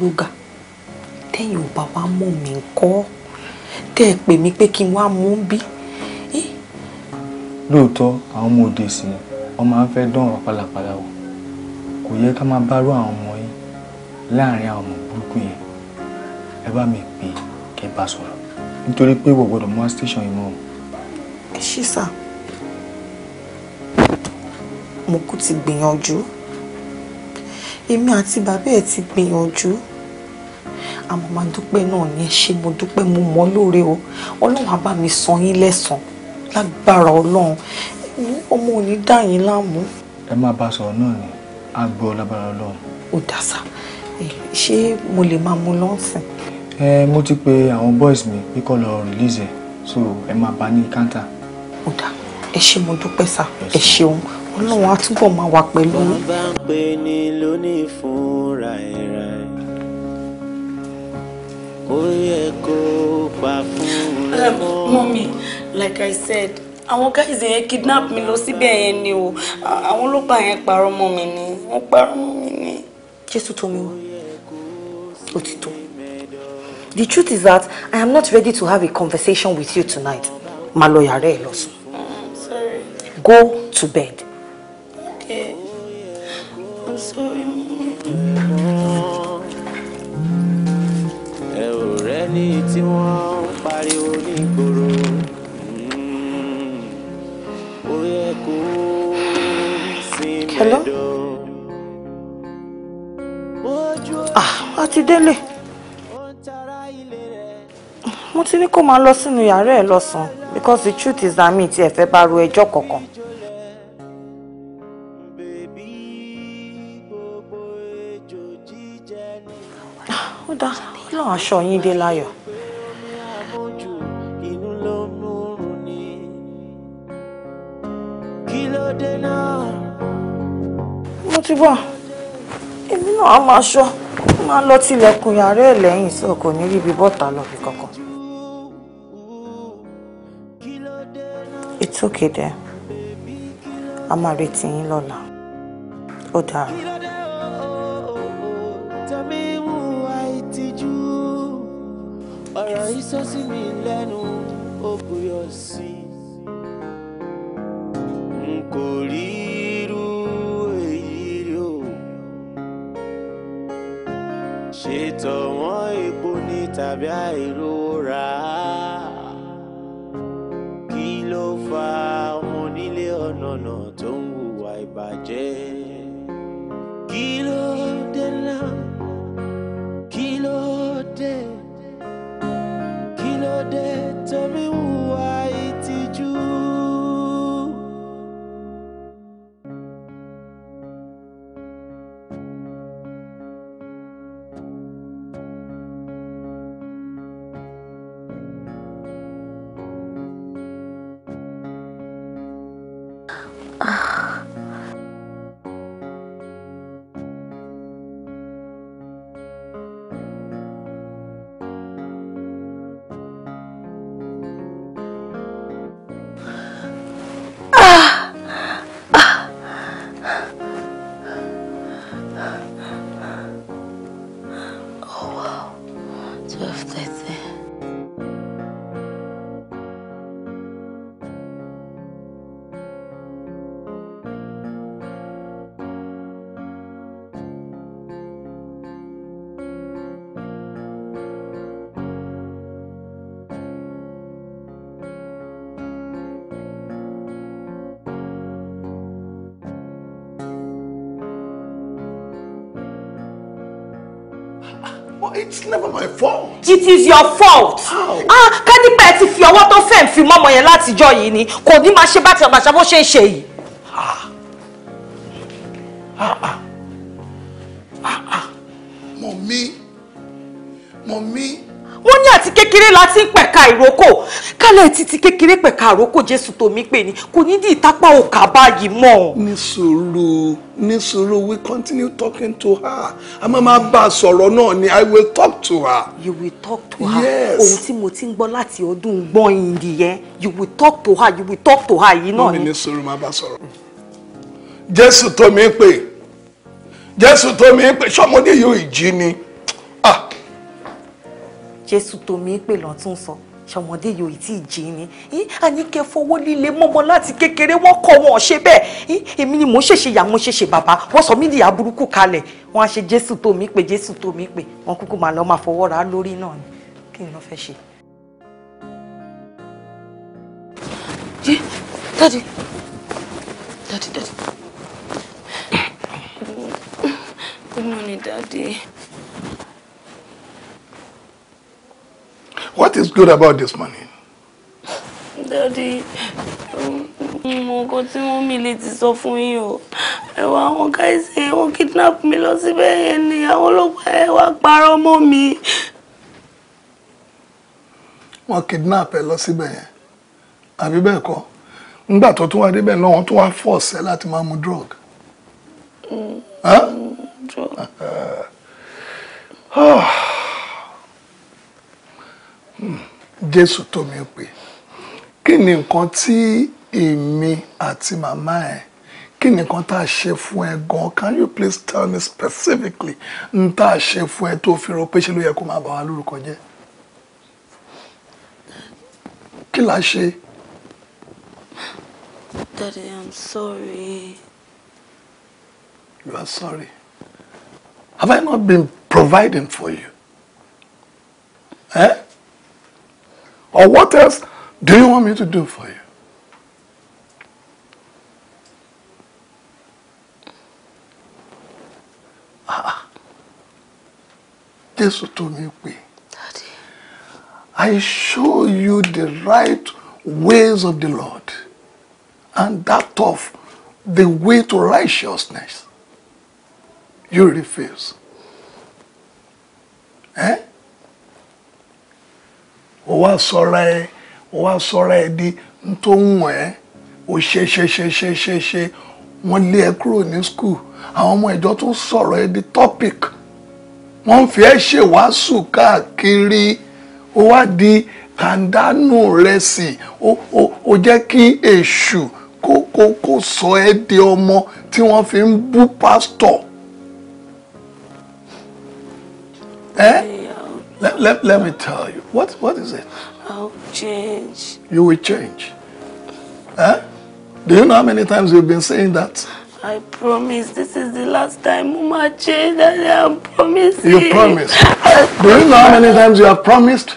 tẹ́yìn ò bá wá pé kí bí. lóòótọ́ àwọn ọmọ ni wọ́n máa ń fẹ́ dán ọ̀rọ̀ pálapàla wò kò yẹ ká máa bárò àwọn ọmọ yín láàrin àwọn ọmọ burúkú yẹn ẹ bá mi pè kẹ bá sọ̀rọ̀ nítorí pé wò gbọ́dọ̀ mú station yìí mọ́ o. ẹ ṣí sà mo kú ti gbìyànjú èmi àti bàbá ẹ ti gbìyànjú àmọ́ máa dúpẹ́ náà ni ẹ ṣe mo dúpẹ́ mo mọ́ lóore o ọlọ́run á bá mi san yín lẹ́san lágbára ọlọ́run ọmọ ò ní dà yín láàmú. ẹ máa bá a sọ̀rọ̀ náà ni a gbọ́ lábára ọlọ́run. ò dàsà ṣé mo lè máa mú lọ́sìn. ẹ mo ti pe àwọn boys mi pé kó lọ release ẹ so ẹ máa bá a ní kántà. ò dà ẹ ṣé mo dúpẹ́ sá ẹ ṣeun ọlọ́run á túbọ̀ máa wà pẹ̀lú. wọ́n bá ń pè ní lónìí fún ràìràì ó yẹ kó pa fún rẹ̀ mọ́mí like I said àwọn guys yẹn kidnap mi lọ síbẹ̀ yẹn ni o àwọn ọlọ́pàá yẹn parọ́ mọ́ mi ni wọ́n parọ́ mọ́ mi ni. jésù tó mi wá òtítọ́ the truth is that i am not ready to have a conversation with you tonight máa lọ yàrá lọ sùn mm, go to bed. Okay. ẹ ò rẹ́ni tí wọ́n ń pariwo a ti délé mo ti ní kó máa lọ sínú yàrá ẹ̀ lọ́sàn because the truth is that me ti ẹ̀ fẹ́ bá ro ẹjọ́ kankan. ó dáa lọ́wọ́ aṣọ yín dé láyọ̀. mo ti bọ̀ èmi náà á máa ṣọ́ máa lọ tilẹ̀kùn yàrá ẹ̀ lẹ́yìn sọ kò ní ríbi bọ́ta lọ bí kankan. It's okay there. A máa retí yín lọ́la. Ó dáa. ọ̀rọ̀ iṣọ́ mi lẹ́nu ó buyọ̀ sí n kò rí i. ṣètò wọn epo ní tàbí àìrówó kí ló fa ọmọ onílé ọ̀nànà tó ń hùwà ìbàjẹ́ kí ló dé náà kí ló dé kí ló dé tó mi wù. It's never my fault. It is your fault. How? Ah, Kádìpẹ́ ẹ ti fi ọwọ́ tó fẹ́ fi mọ́mọ yẹn látijọ́ yìí ni kò ní máa ṣe bá ti àbàṣà bó ṣe ah, ṣe yìí. Ah. Ah, ah. Mọ̀mí, mọ̀mí. Wọ́n ní àti kékeré la ti ń pẹ̀ka ìrókò ìgbàlẹ̀ títí kékeré pẹ̀ka àrókò jésù tòmí pè ní kò ní di ìtapá òkà báyìí mọ́. ní sùúrù we continue talking to her a máa máa bá a sọ̀rọ̀ náà ni i will talk to her. you will talk to her yes ohun tí mo ti ń gbọ́ láti ọdún gbọ́n ìdìyẹn you will talk to her you will talk to her yìí náà ni. ní sùúrù máa bá a sọ̀rọ̀ jésù tòmí pè jésù tòmí pè sọmọdé yóò jí ni. Ah. jésù tòmí pè lọ́tún sọ. So ṣọmọdé yóò tí ì jí ni àníkẹ́ fọwọ́ líle mọ́mọ́ láti kékeré wọ́n kọ́ wọn ṣe bẹ́ẹ̀ èmi ni mò ń ṣèṣe ìyá mo ṣèṣe bàbá wọ́n sọ mí di ìyá burúkú kalẹ̀ wọ́n á ṣe jésù tó mi pè jésù tó mi pè wọ́n kúkú máa lọ máa fọwọ́ ra lórí náà ni kí ni wọ́n fẹ́ ṣe. dadi dadi dadi good morning dadi. What is good about this money? Daddy, mo nǹkan tí wọ́n mi ti sọ fún yín o. Ẹ̀wọ̀n àwọn káìsì kidnap mi lọ síbẹ̀ ni àwọn ọlọ́pàá ẹ̀ wá parọ́ mi. kidnap ẹ lọ síbẹ̀ yẹn. Àbí bẹ́ẹ̀ kọ́? Nígbà tó tún wá force láti máa mu drug. Mm. Huh? Jésù tó mi pè kí ni nǹkan tí èmi àti màmá ẹ kí ni nǹkan tá a ṣe fún ẹ gan can you please tell me specifically n tá a ṣe fún ẹ tó fi rò pé ṣe ló yẹ kó máa bà wá lórúkọ jẹ́ kí la ṣe. Daddy, I'm sorry. You are sorry. Have I not been providing for you? Eh? Or what else do you want me to do for you? Ah, Jésù tó mi pè. Daddy. I show you the right ways of the Lord and that of the way to righteousness. You refuse. Eh? wá sọra ẹ wá sọra ẹ di n tó ń wọ̀n ẹ́ o ṣe ṣe ṣe ṣe ṣe ṣe wọ́n lé ẹ kúrò ní skul àwọn ọmọ ìjọ tó sọ̀rọ̀ ẹ di topic wọ́n fi ẹ́ ṣèwàásù káàkiri ó wá di kàndánù rẹ sí O jẹ́ kí èṣù kó kó kó sọ ẹ́ di ọmọ tí wọ́n fi ń bú pásítọ̀. Eh? Let, let, let me tell you. What, what is it? I'll oh, change. You will change. Huh? Do you know how many times you've been saying that? I promise this is the last time Mama changed and I am promising. You promised. Do you know how many times you have promised?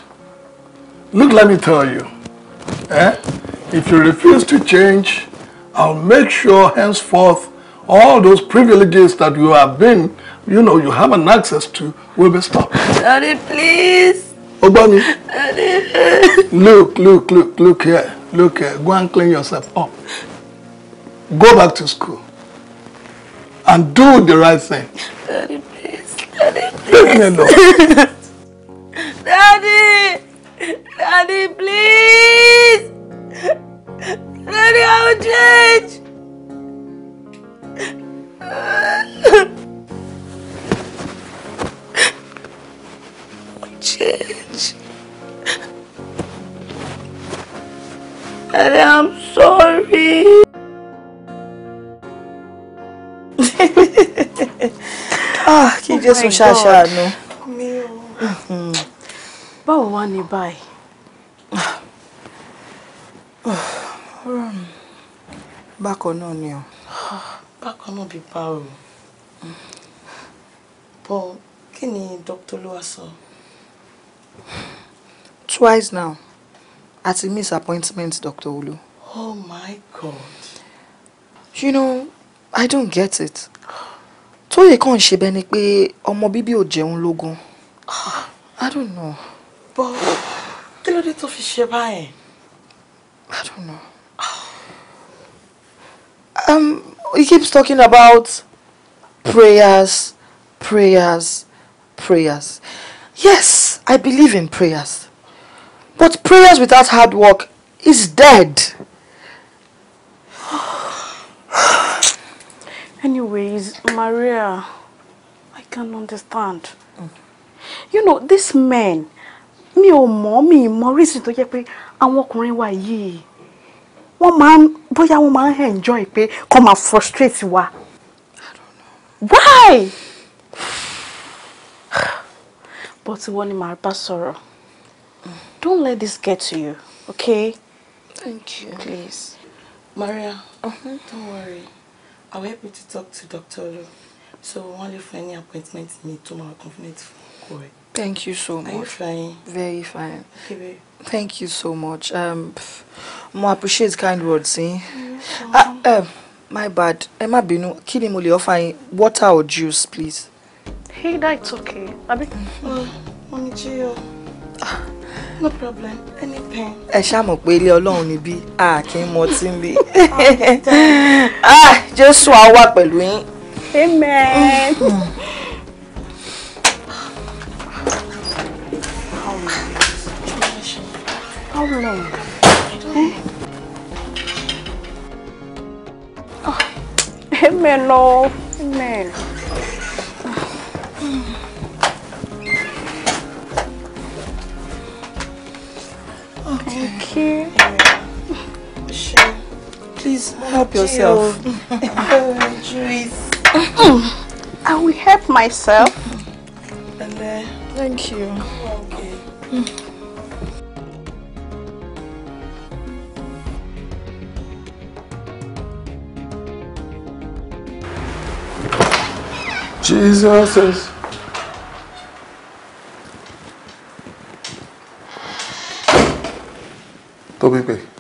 Look, let me tell you. Eh? If you refuse to change, I'll make sure henceforth all those privileges that you have been you know you have an access to will be stopped. Daddy, please. Ogbani. Daddy. Look, look, look, look here. Look here. Go and clean yourself up. Go back to school. And do the right thing. Daddy, please. Daddy, please. Leave me alone. Daddy. Daddy, please. Daddy, I will change. change. Daddy, I'm sorry. ah, kí oh Jésù ṣàṣàánú. Mi ò. Hmm. Báwo wá ní báyìí? Bákan náà ni o. Bákan náà bí báwo. Hmm. Bọ́ kí ni Dr. Lua sọ? Twice now, a missed miss appointment, Dr. Olu. Oh my God. You know, I don't get it. Tóyè kàn ṣe bẹ́ẹ̀ ni pé ọmọ bíbí ò jẹun lógún. I don't know. But kí ló dé tó fi ṣe báyìí? I don't know. Um, he keeps talking about prayers, prayers, prayers. Yes, I believe in prayers. But prayers without hard work is dead. Anyways, Maria, I can understand. You know, this man, me or mommy, Maurice, mọ̀ reason tó jẹ́ pé àwọn ọkùnrin wa yìí wọ́n máa ń bóyá wọ́n máa ń enjoy pé kó máa frustrate wa. I don't know. Why? but wọ́n ni màá bá sọ̀rọ̀ don't let this get to you okay. thank you please. Maria uh-huh. don't worry I will help you to talk to Dr. Olu so wọ́n lè fún ẹ ní appointment mi tó máa convenient for ẹ. thank you so much. are you fine. very fine. okay thank you so much. Um, mo appreciate kind words. Eh? Yeah, um, uh, my bad Emma, má bínú kí ni offer water or juice please. Hey, that's okay. Abi. Mami Chiyo. Ah, no problem. Anything. Ẹ ṣá mọ̀ pé ilé Ọlọ́run ni bí a kì í mọ tí ń bí. Ah, ah, Jésù á wà pẹ̀lú Amen. Hmm. How long? Eh? Amen, Lord. Amen. help yourself. Juice. I will help myself. And, uh, Thank you. Jesus is. Tóbi pé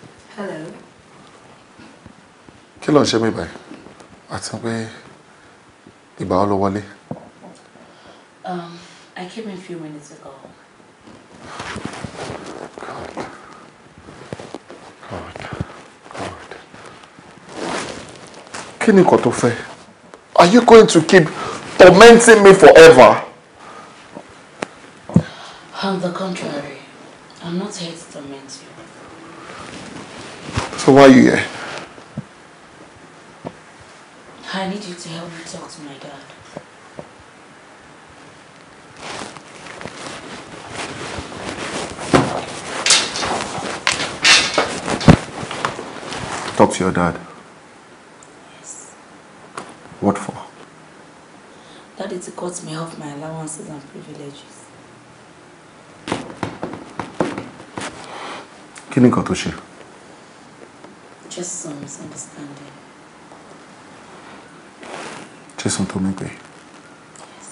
kí ló ń ṣe mí báyìí àti pé ìgbà wo ló wọlé. Um, I came in a few minutes ago. God. God. God. Kí ni nǹkan tó fẹ́? Are you going to keep tormenting me forever? On the contrary, I'm not here to torment you. So why are you here? your dad? Yes. What for? Daddy to cut me off my allowances and privileges. Kí ni nǹkan tó ṣe? Just some misunderstanding. Jason told me, Yes.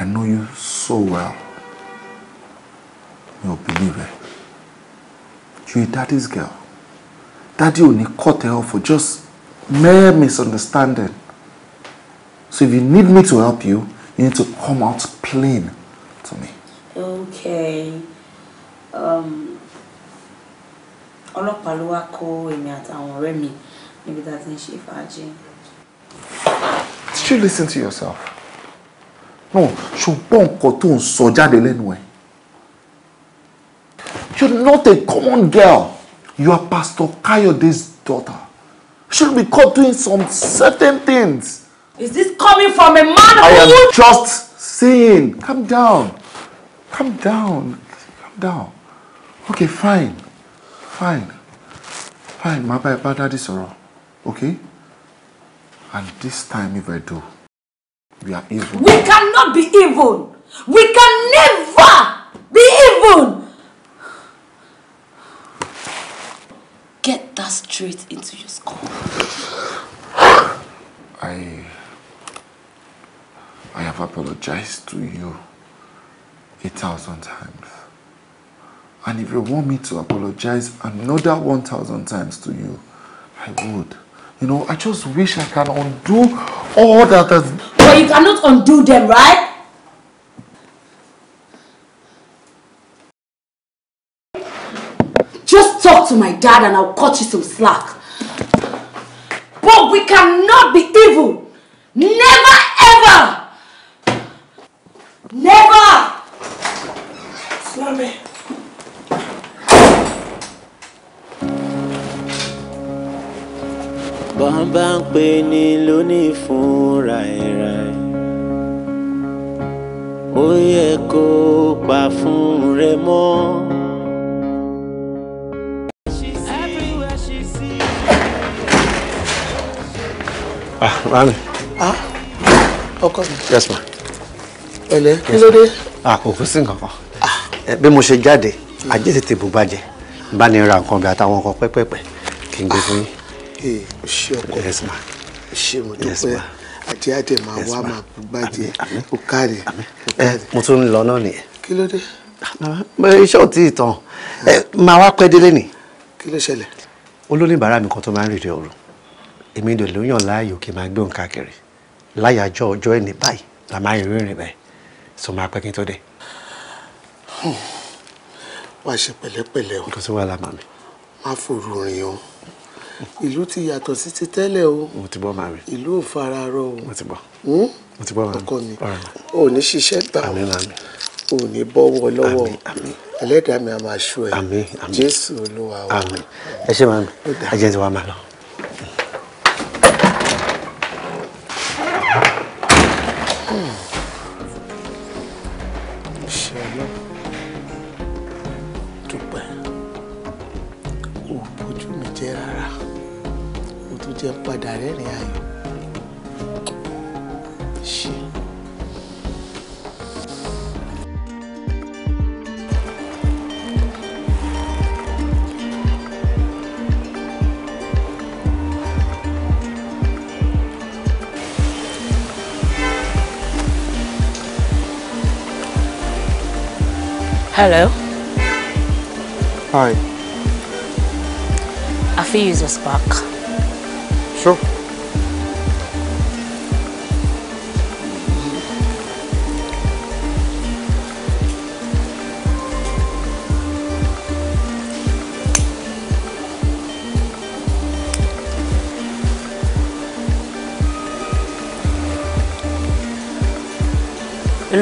I know you so well. You'll believe it. You're daddy's girl daddy ò ní cut her off for just mere misunderstanding so if you need me to help you you need to come out plain to me. okay Um. ló wá kó èmi àtàwọn ọ̀rẹ́ mi Maybe tá a ti ń ṣe listen to yourself no ṣùgbọ́n nǹkan tó ń sọ jáde lẹ́nu ẹ̀ you're not a common girl. You are Pastor Kayode's daughter. should be caught doing some certain things. Is this coming from a man I who... I am just saying. Calm down. Calm down. Calm down. Okay, fine. Fine. Fine, My bad, ẹ bá daddy sọ̀rọ̀. Okay? And this time if I do, we are evil. We cannot be evil. We can never be evil. get that straight into your skull. I... I have apologized to you a thousand times. And if you want me to apologize another one thousand times to you, I would. You know, I just wish I can undo all that has... But you cannot undo them, right? to my dad and I'll cut you some slack. But we cannot be evil. Never ever. Never. Mommy. bọ́nbá ń pè ní lónìí fún ràìràì ó yẹ kó pa fún rẹ mọ́. ah mami. ah ọkọ mi. yes ma. ẹlẹ kí ló dé. ah kò kú sí nǹkan kan. Ah. Eh, bí mo ṣe jáde ajé tètè bò bàjẹ́ bá ní ra nǹkan bí àtàwọn nǹkan pẹ́pẹ́pẹ́ kí n gbé fún yín. Ah, ee eh, o ṣe ọkọ yes ma. o ṣe mo dúpẹ́ àti àti máa wá máa bò bàjẹ́ o káre. mo tún ń lọ náà nìyẹn. kí ló dé. Eh, iṣẹ́ ò tí ì tán máa wá pẹ́ délé ni. kí ló ṣẹlẹ̀. olóníbàárà mi kan tó máa ń rèé èmi dò ló yàn láàyò kí n máa gbóhùn káàkiri láyàjọ ọjọ́ ẹni báyìí la máa rìn rìn báyìí sọ máa pẹ́ kí n tó dé. Hmm. wàá ṣe pẹ̀lẹ́pẹ̀lẹ́ o. nǹkan tó wà lámà mi. má fòrò rìn o ìlú ti yàtọ̀ sí ti tẹ́lẹ̀ o. mo ti bọ́ màmí. ìlú ò fara rọ o. mo ti bọ́. Hmm? mo ti bọ́ màmí. ọkọ mi ò ní ṣiṣẹ́ gbà o. àmín màmí. ò ní bọ́wọ́ lọ́wọ́ ẹlẹ́dàá mi a máa ṣọ́ ẹ. àmín àmín jésù olúwa wa. àmín ẹ ṣé màmí ajẹ́ ti Hello. Hi. I feel you are a spark. Sure.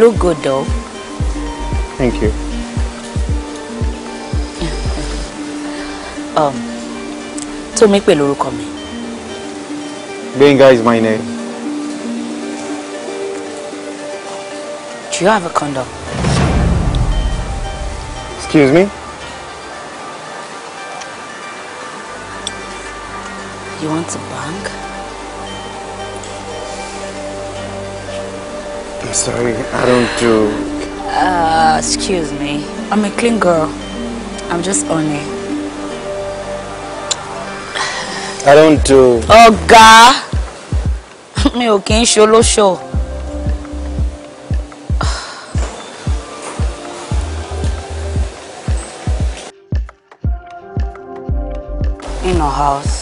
look good though. Thank you. um, make pè lórúkọ mi. Benga is my name. Do you have a condom? Excuse me? You want to buy? Sorry, I don't do... Uh, excuse me. I'm a clean girl. I'm just only. I don't do... not do Oh God, me okay? Show ṣe show. In our house.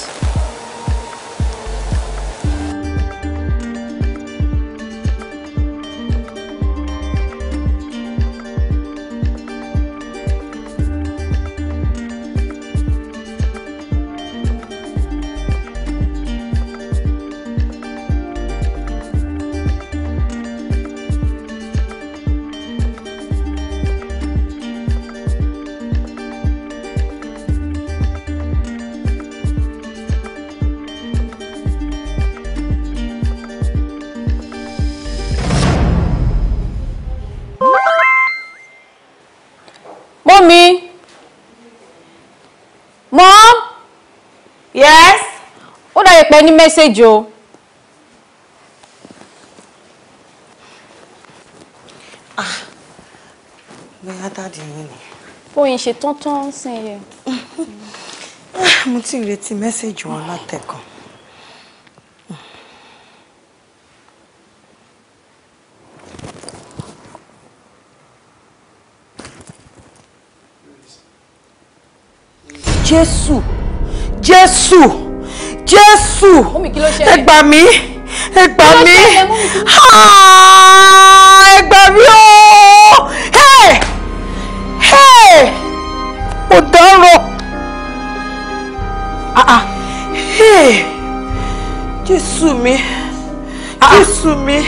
pẹ́ ní mẹ́sẹ̀jì o. Ah, bóyá dáàdì mi ni. oyin ṣe tán tán sìn yẹn. Ah, mo ti ń retí mẹ́sẹ̀jì wọn látẹ̀kàn. Jésù Jésù. Jésù ẹ gbà mí ẹ gbà mí ah, ẹ gbà mí o mo dánrọ ah, ah, Jésù mi Jésù mi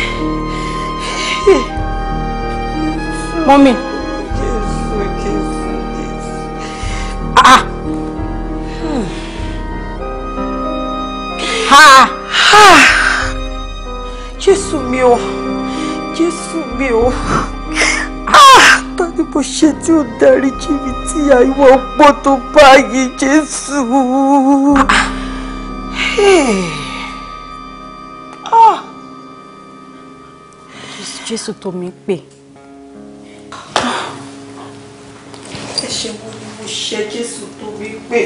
mọ́mí. mi o tani mo ṣe tí ó darí jí mi tí àìwọ̀ pọ̀ tó báyìí Jésù. Jésù tó mi pè. ẹ̀ṣẹ̀ wo ni mo ṣe Jésù tó mi pè.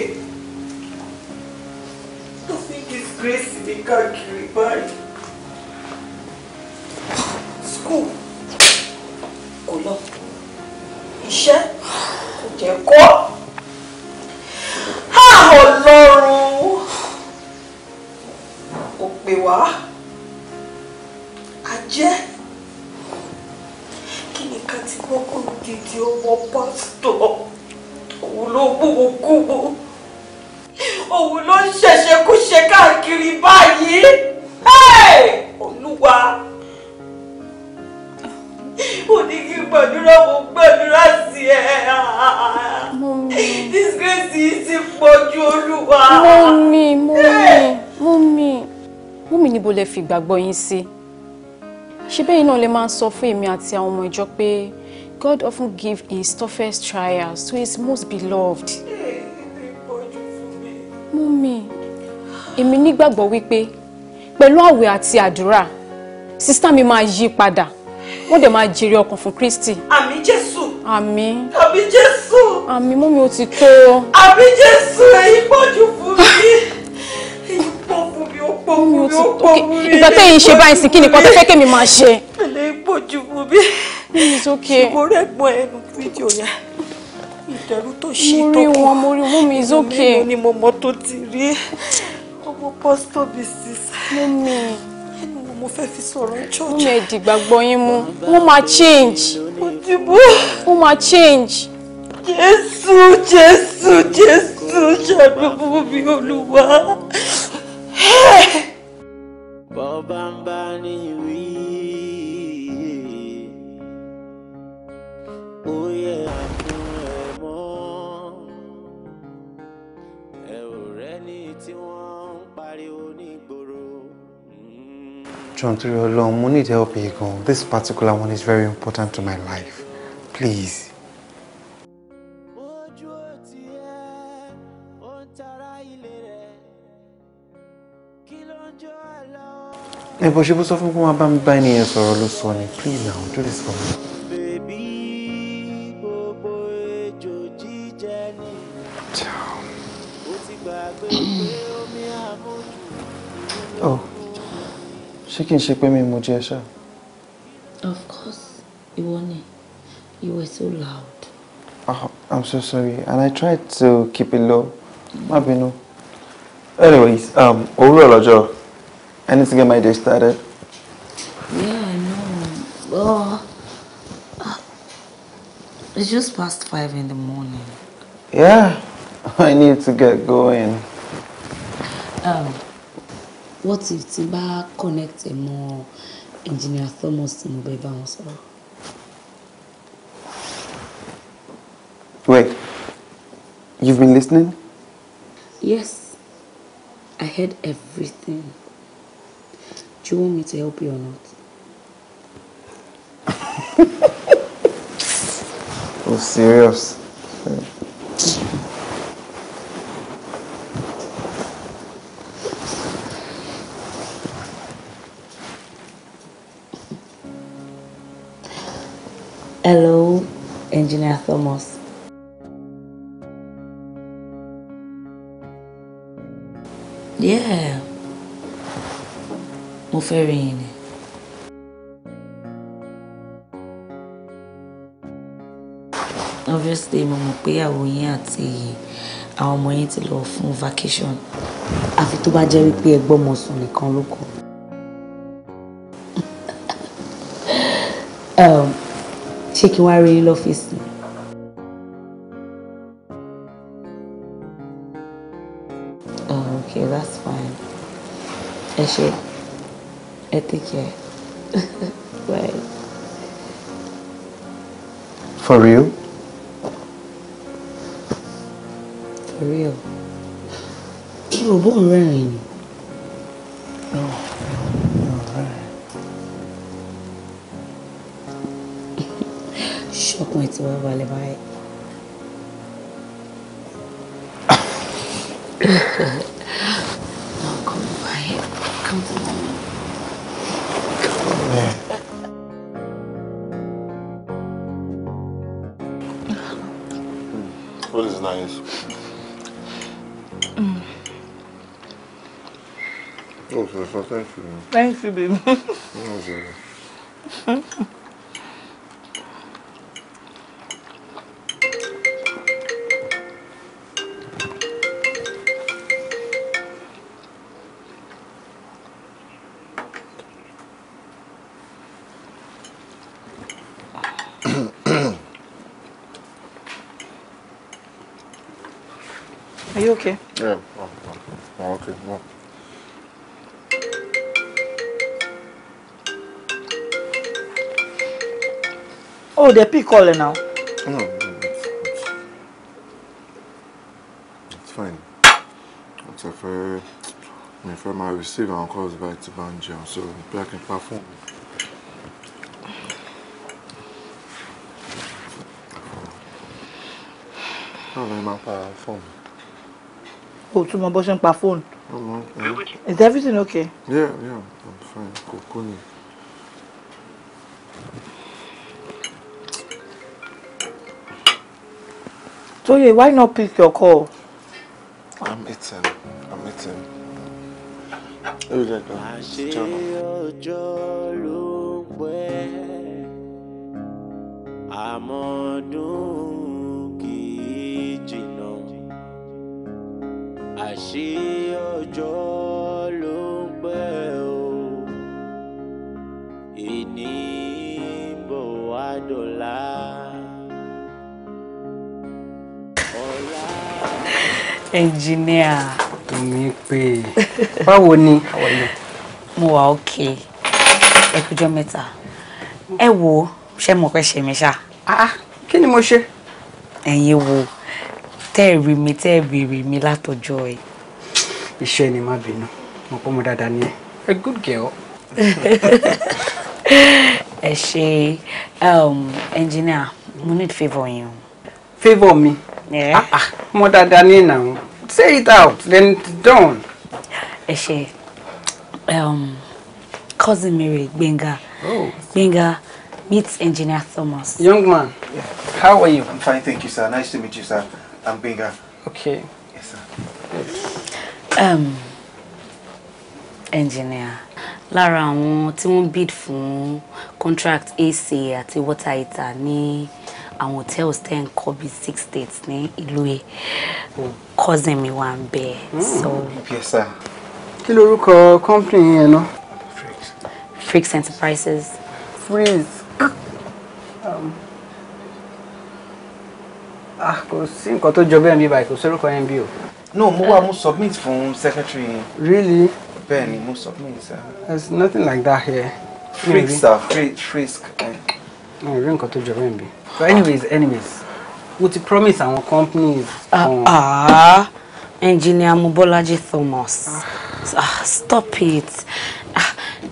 ìgbàgbọ́ yín sí ṣé bẹ́ẹ̀ náà lè máa sọ fún èmi àti àwọn ọmọ ìjọ pé God often give his toughest trials to his most beloved. Mummy, èmi nígbàgbọ́ wípé pẹ̀lú àwẹ̀ àti àdúrà sísítà mi máa yí padà wọ́n dẹ̀ máa jèrè ọkàn fún Kristi. Àmín Jésù. Àmín. Àmín Jésù. Àmín mú mi ó ti tó. Àmín Jésù èyí pọ̀jù fún mi. Èyí pọ̀ fún mi ó pọ̀ fún mi ìgbà tẹ́yìn ṣe báyìí sí kí nìkan tó fẹ́ kémi máa ṣe. ilé ìpọ́jú mu bí ṣùgbọ́n rẹ̀ gbọ́n ẹnu fídíò yẹn ìdẹ̀rù tó ṣe tó kù mo rí wọn mo rí wọn mi is okay. mo ní mo mọ tó ti rí ọmọ pọ́sítọ̀ mrs. mímí ẹnu wo mo fẹ́ fi sọ̀rọ̀ ṣọ́ọ̀ṣì. mímí ẹ̀dì gbàgbọ́ yín mu wọ́n máa change. òdìbò. wọ́n máa change. jésù jésù jésù ṣàdúgbò mi olúwa bọ́bá ń bá ní yẹ àfún ẹ mọ́ ẹ ò rẹ́ni tí wọ́n ń pariwo ní ìgboro. John torí Ọlọ́run mo need help yìí this particular one is very important to my life please. ẹ bọ̀ ṣe bó sọ fún kó máa bá mi bá ẹni yẹn please now do this for me. Oh, ṣé kí n ṣe pé Of course, ìwọ ni. You were so loud. Oh, I'm so sorry and I tried to keep it low. Má bínú. Anyways, um, overall, lọ́jọ́. I need to get my day started. Yeah, I know. Oh, it's just past five in the morning. Yeah, I need to get going. Um, what if tí bá connect ẹ engineer Thomas to mobile bẹ̀ Wait, you've been listening? Yes, I heard everything. Do you want me to help you or not? oh, serious. Hello, Engineer Thomas. Yeah mo fẹ́ rí yín ni. obviously mo mọ̀ pé àwọn yín àti àwọn ọmọ yín ti lọ fún vacation. àfi tó bá jẹ́ wípé ẹgbọ́n mo sùn nìkan ló kù. Um, ṣé kí n wá rí lọ́fíìsì oh, Okay, that's fine. Actually ẹ take care for real. for real. kí o bó baby. o they're pick calling now. no it's, it's, it's fine o ti fẹ́ mi fẹ́ máa receive àwọn calls báyìí tí bá so I can perform. How pa fún mi. báwo ni máa pa fóònù. o is everything okay. yeah yeah i'm fine kò cool. Toye, why not pick your call? I'm eating. I'm eating. Here we go. Àmọ́dún ẹnjìníà. mi pé báwo ni àwọn ilé. mo wà òkè ẹkújọ mẹ́ta ẹ wo ṣé mo fẹ́ ṣe mí ṣá. Ah, ah, kí ni mo ṣe. ẹ̀yin wo tẹ́ ẹ̀ rí mi tẹ́ ẹ̀ béèrè mi látọjọ́ ẹ̀. iṣẹ́ ni má bínú mo pọ́ mo dáadáa ni ẹ. a good girl. ẹ ṣe um, ẹnjìníà mo need favour yín o. favour mi. Yeah. Ah, ah, more than now. Say it out, then it's done. Ẹ um, cousin Mary Gbenga. Oh. Gbenga meets engineer Thomas. Young man. Yeah. How are you? I'm fine, thank you, sir. Nice to meet you, sir. I'm Gbenga. Okay. Yes, sir. Yes. Um, engineer Lara, àwọn tí wọ́n bid for contract AC àti water heater àwọn hotels tẹ́ ń kọ́ bíi six states ní ìlú yìí cousin mi wà ń bẹ̀. Hmm. kí lorúkọ company yẹn náà. Freaks Enterprises. Freaks. Um, ah, kò sí nǹkan tó jọ bẹ́ẹ̀ mi báyìí kò sórúkọ yẹn bí o. No, mo wá mo submit fún secretary yẹn. Really? Bẹ́ẹ̀ ni mo submit sir. There's nothing like that here. Freaks sir, Freaks. Rí nǹkan tó jọ bẹ́ẹ̀ mi so anyways anyways mo ti promise our companies. Ah, ah engineer Mubolaji Thomas ah stop it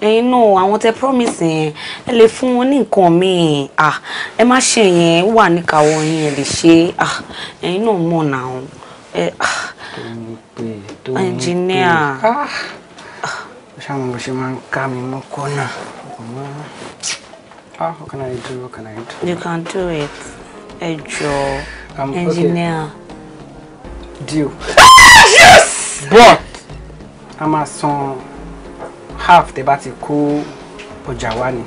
You know I want a promise yẹn ẹ lè fún wọn ní nǹkan míì ah ẹ má ṣe yẹn wà níkàáwọ́ yín ẹ lè ṣe ah ẹyin náà mọ̀ náà ẹ ah engineer. ṣáà mo ṣe máa ń ká mi mọ́kọ́ náà. Ah, what can I do? What can I do? You can do it. a jọ̀ọ́. Um, engineer. Okay. Deal. Ah, yes! But a máa san half tẹ́ bá ti kó ọjà wá ni.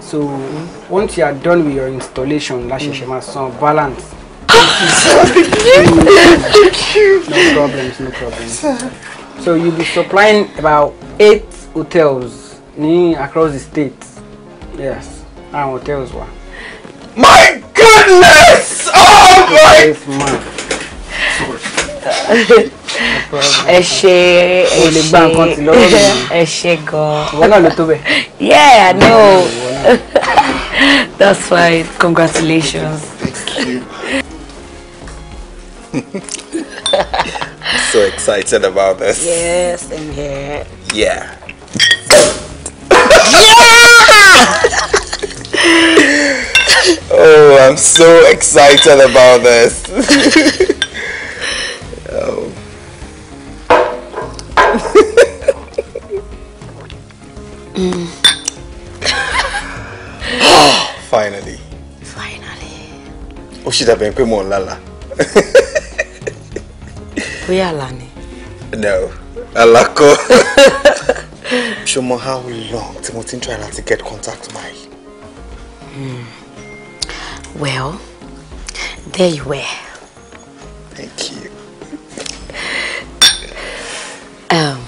So mm-hmm. once you are done with your installation, la ṣẹ̀ṣẹ̀ mm. máa san balance. Ah, no problems, no problems. So you'll be supplying about eight hotels across the state. Yes àwọn hotels wa. my goodness oh my. ẹ ṣe ẹ ṣe ẹ ṣe gan. ìwọ náà ló yeah i know that's fine congratulations. thank you. so excited about this. Yes, I'm here. Yeah. yeah! Oh, I'm so excited about this. oh. oh, finally. Finally. Oh, ṣì dàbẹ̀ pé mò ń lálàá. Bóyá àlá ni. No, àlá Show me how long tí mo to get contact my. Mm. Well, there you were. Thank you. um,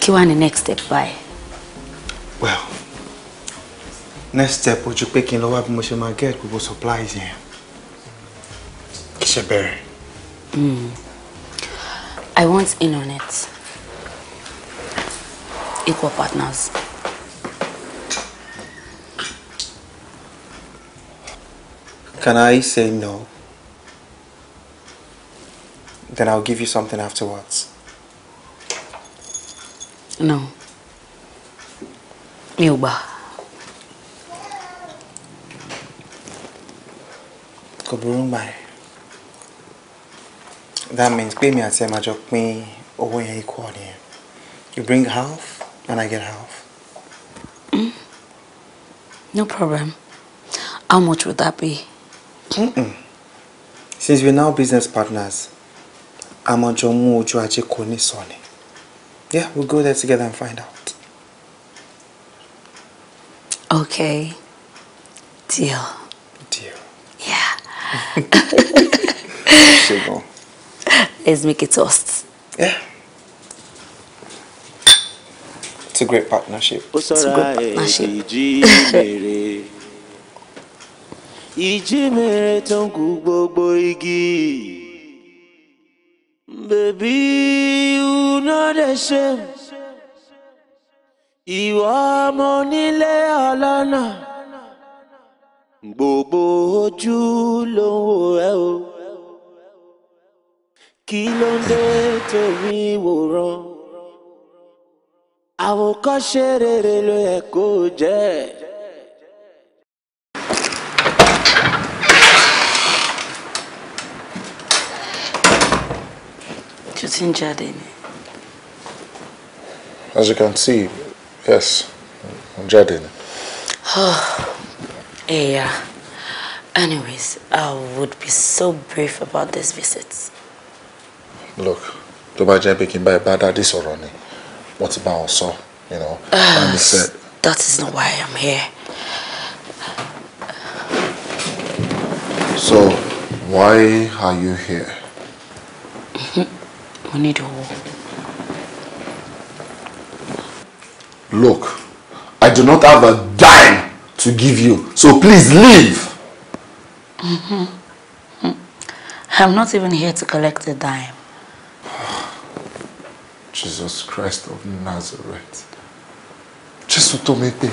kí wá ni next step báyìí? Well, next step would pé kí n lọ wá bí mo ṣe máa get gbogbo supplies bear. Iṣẹ́ Mm. I want in on it. Equal partners. Can I say no? Then I'll give you something afterwards. No. Mi ò gbà. That means pay me àti ẹ̀ ajok me pín owó yẹn equal nìyẹn. You bring half and I get half. Mm. No problem. How much would that be? Mm -mm. Since we're now business partners, Amajo mu ojú ajé kò ní sọ Yeah, we'll go there together and find out. Okay. Deal. Deal. Yeah. Sure. Let's make a toast. Yeah. It's a great partnership. It's a great partnership. ìjímèrè tó ń kú gbogbo igi. Baby, you know the shame. Ìwọ ọmọ onílé ọlọ́nà. Gbogbo ojú ló ń wò ẹ́ o. Kí ló ń dé torí ìwòran? Àwòkọ́ṣe rere ló yẹ kó jẹ́. ṣe ti ń as you can see yes ń jáde Oh, yeah. anyways I would be so brief about this visit. look tó bá jẹ́ pé kí n bá ẹ bá dáàdì sọ̀rọ̀ ni you know uh, and said. that is not why I'm here. so why are you here mo ní ìdòwò. Look, I do not have a dime to give you, so please leave. Mm-hmm. I'm not even here to collect a dime. Jesus Christ of Nazareth. Jesus Tomete,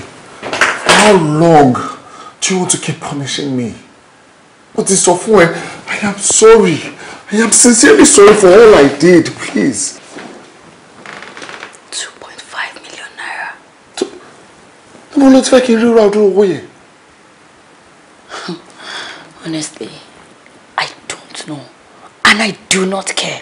how long do you want to keep punishing me? But it's so funny? I am sorry. I am sincerely sorry for all I did, please. 2.5 million naira. Mo ló ti fẹ́ kí n ríra ọdún owó Honestly, I don't know and I do not care.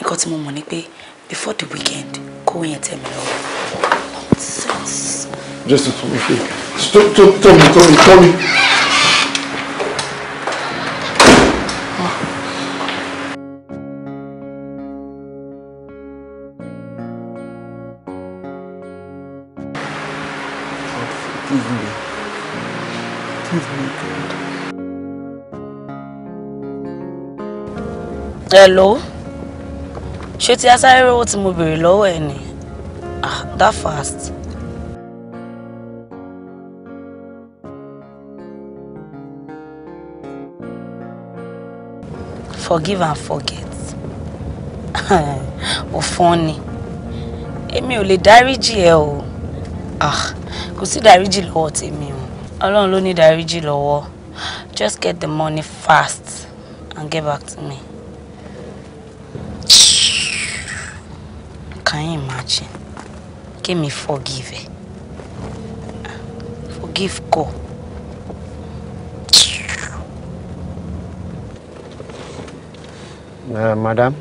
Nǹkan tí more money, ni before the weekend, kó and tell me all Nonsense. Just a me, tell Stop! tell me, tell me. Hello? Ṣé ti asáré rówó tí mo béèrè lọ́wọ́ ẹ̀ ni? Ah, that fast. Forgive and forget. Ọ̀fọ́n ni. Èmi ò lè dáríjì ẹ o. Ah, kò sí dáríjì lọ́wọ́ tèmi o. Ọlọ́run ló ní dáríjì lọ́wọ́. Just get the money fast and get back to me. watching. Give me forgive. Forgive God. Uh, madam.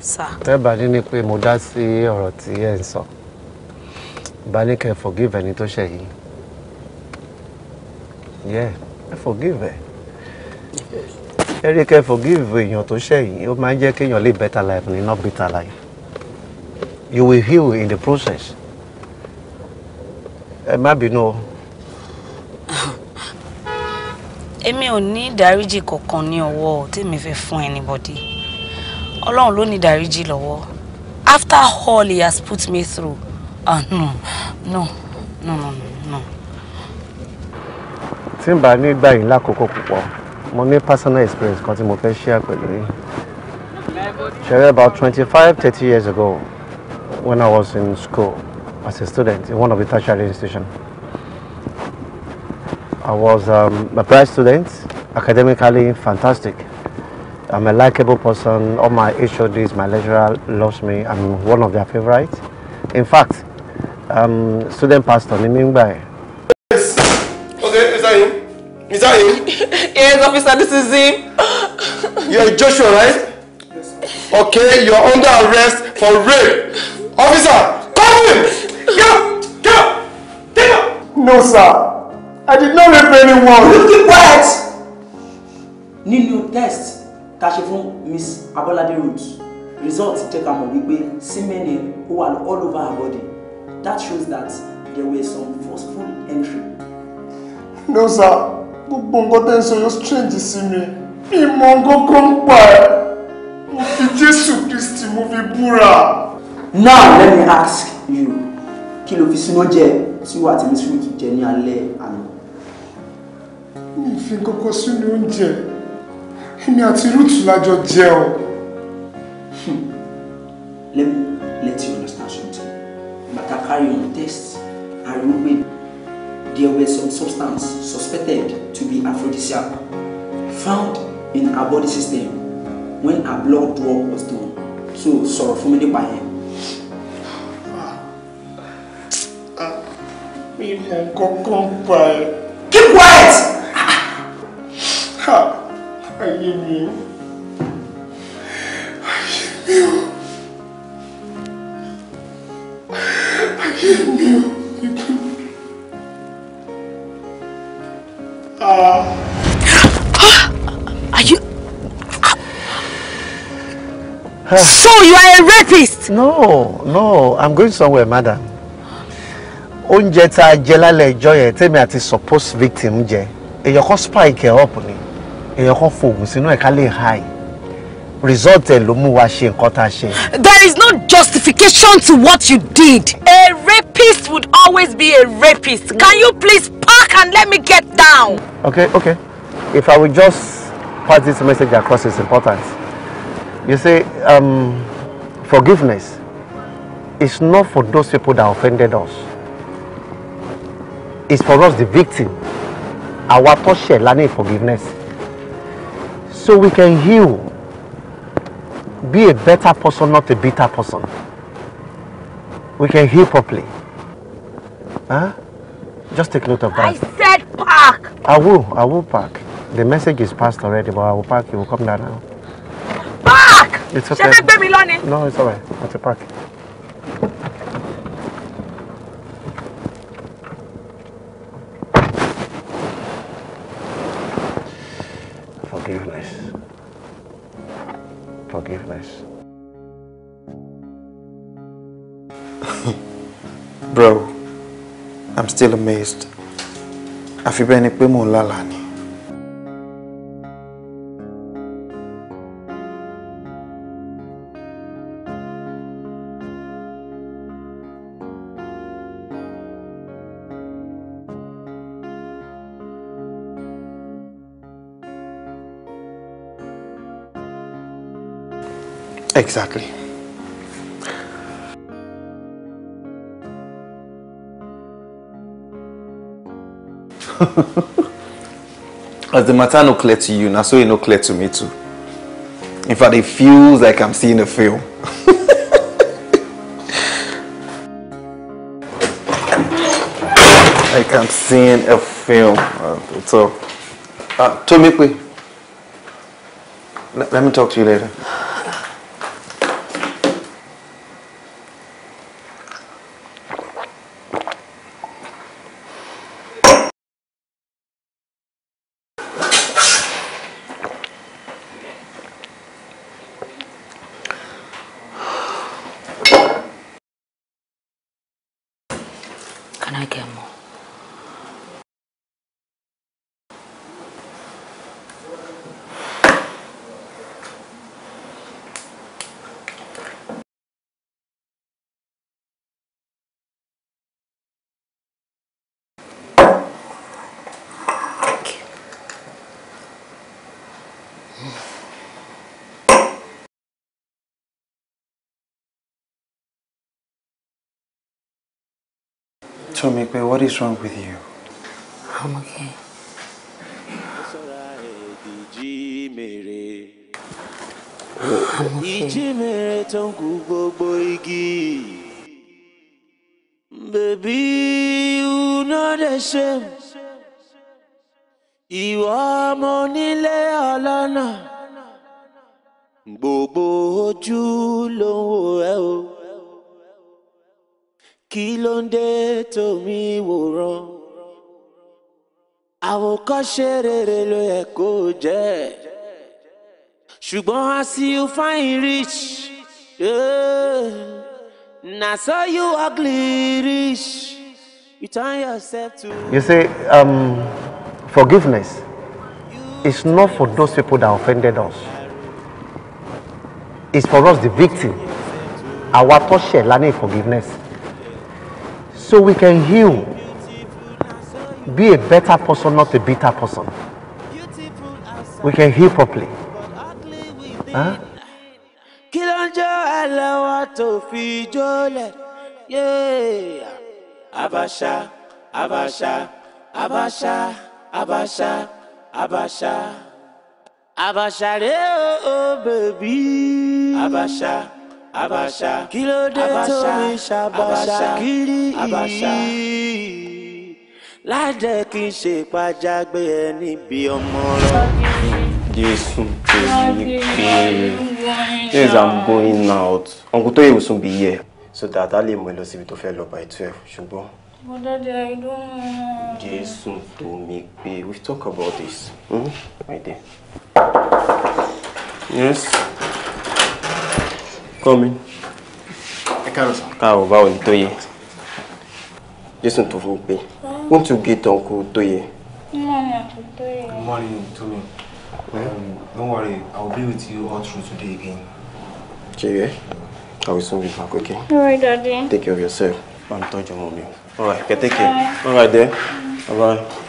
Sir. Tẹ́ bá ní ni pé mo dá sí ọ̀rọ̀ tí ẹ̀ ń sọ. Bá forgive ẹni tó ṣẹ̀ Yeah, I forgive ẹ. Ẹ rí kẹ́ forgive you to ṣẹ̀ You ó máa ń jẹ́ live better life ni not bitter life you will heal in the process. Ẹ má bínú o. Èmi ò ní ìdáríjì kankan ní ọwọ́ tèmi fẹ́ fún anybody. Ọlọ́run ló ní ìdáríjì lọ́wọ́. After all he has put me through, ah no, no, no, no, no. Tí n bá ní ìgbà yìí lákòókò púpọ̀, mo ní personal experience kan tí mo fẹ́ share pẹ̀lú yín. Ṣẹlẹ̀ about twenty five thirty years ago when I was in school as a student in one of the tertiary institutions. I was um, a bright student, academically fantastic. I'm a likable person. All my HODs, my lecturer loves me. I'm one of their favorites. In fact, um, student pastor ni mi ń Yes. Okay, is that him? Is that him? yes, officer, this is him. You're Joshua, right? Yes. Okay, you're under arrest for rape. Officer, come him! Go! Go! Take him! No, sir. I did not rape anyone. You keep quiet! Nínú test ta ṣe fún Miss Abolade Roots, result jẹ́ ká mọ̀ wípé semen ó wà all over her body. That shows that there were some forceful entry. No, sir. Gbogbo nǹkan tẹ́ ń sọ yóò strange to see me. mọ nǹkan kan pa ẹ́. Mo fi Jésù Kristi mo fi now let me ask you kí ló fi sínú jẹ tí wàá tẹ̀lé sínú jẹ ní alẹ́ àná. mi ì fi sínú oúnjẹ èmi àti rúùtù lájọ jẹun. Hmm. let me let you understand something bàtà carry on test ariwo pé there were some substance suspected to be aphrodisiac found in her body system when her blood draw was done so sọ̀rọ̀ fún mi nípa yẹn. mi mọ kankan pa ẹ. keep quiet. ayé mi o ayé mi You ayé mi o ah. nítorí. Are you? So you are a rapist? No, no. I'm going somewhere, madam oúnjẹ tá a jẹ lálẹ́ ìjọ́ yẹn tèmi àti suppose victim jẹ èèyàn kan spike ẹ̀ up ni èèyàn kan fògùn sínú ẹ̀ ká lè high result ẹ̀ ló mú wa ṣe nǹkan tá a ṣe. there is no justification to what you did. a rapist would always be a rapist. can you please park and let me get down. okay okay if i will just pass this message across its important. you say um, forgiveness is not for those people that offended us is for us the victim Our tó ṣẹ̀ la forgiveness so we can heal be a better person not a bitter person we can heal properly huh? just take note of that. I said park. I will I will park the message is passed already but I will park you will come down now. Park! It's okay. Ṣé fẹ́ gbé mi No it's alright I will park. Bro, I'm still amazed. Have you been pé mò ń lálàá ni. Exactly. As the matter no clear to you, now so it e no clear to me too. In fact, it feels like I'm seeing a film. like I'm seeing a film. Uh, so, uh, Tomipi, let me talk to you later. Somipe, what is wrong with you? I'm okay. I'm okay. Baby, you know the shame. Ìwọ ọmọ onílé ọlọ́nà, gbogbo ojú ló ń wò ẹ́ o kí ló ń dé tómi wòran àwòkọ́ṣe rere ló yẹ kó jẹ́ ṣùgbọ́n I see you fine rich na so you ugly rich you turn yourself to. you see um, forgiveness is not for those people that offended us it's for us the victim Our tó ṣẹ̀ la ní forgiveness so we can heal. Be a better person, not a bitter person. We can heal properly. Huh? kí ló ń jẹ́ ẹlẹ́wà tó fi jólẹ̀ yéèyà abasa kí ló dé tó mi ṣàbàṣà kiri yìí ládẹ kí n ṣe pàjágbé ẹ níbi ọmọ rẹ. Jésù Jésù pé yes i'm going out uncle Toye will soon be here. so that a lè mú ẹ lọ síbi tó fẹ́ lọ by twelve ṣùgbọ́n. but daddy i don't know. Jésù tó mi pé we talk about this hmm? right there. yes. Coming. I Ẹ káàárọ̀ sà. Káàárọ̀ báwo ni Tóyè? Jésù tó fún mi pé. Won't you get Uncle Tóyè? Good morning, Tóyè. Um, don't worry, I will be with you all through today again. Cheye, I will soon be back, okay? All right, Daddy. Take care of yourself. I'm touching mommy. All right, okay, take care. All right, there. Bye-bye.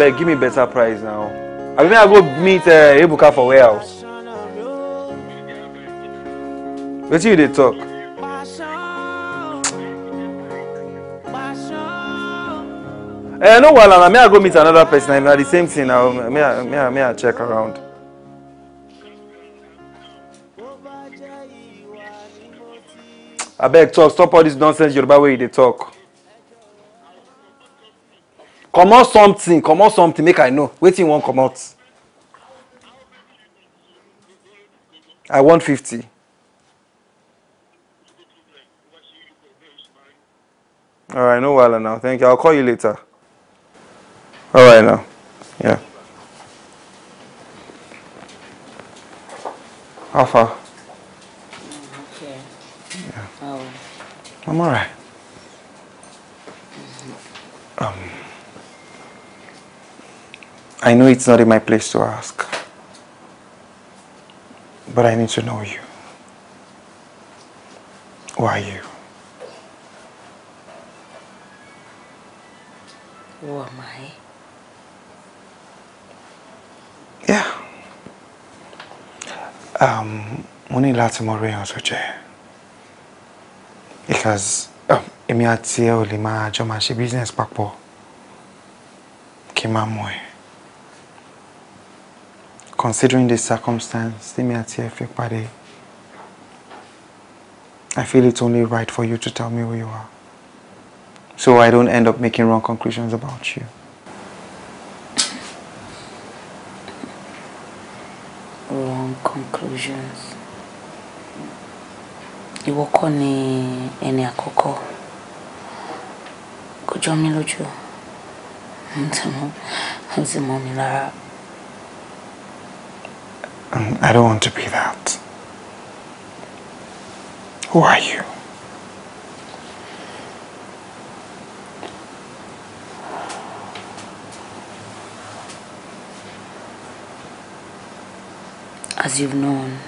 abeg give me better price now abi make i go meet uh, ebuka for warehouse wetin you dey talk. Eh, no wahala na me i go meet another person if na the same thing na me i me i me i check around. abeg talk stop all this nonsense yoruba wey you dey talk comot something comot something make i know wetin you wan comot i want fifty. all right no wahala now thank you i'll call you later all right now yeah. How far? Okay. Yeah. Oh. I'm alright. Mm Um. I know it's not in my place to ask, but I need to know you. Who are you? Who am I? Yeah. Um, mo ní láti mọ ríyàn tó jẹ́. Because um, èmi àti ẹ ò lè máa jọ máa business papọ̀ kí n Considering the circumstance, Temi àti I feel it's only right for you to tell me who you are. So I don't end up making wrong conclusions about you. Wrong conclusions. You Ìwọ kọ́ ni ẹni àkọ́kọ́. Kò jọ mí lójú. Mo ti I'm mi lára. And I don't want to be that. Who are you? As you've known,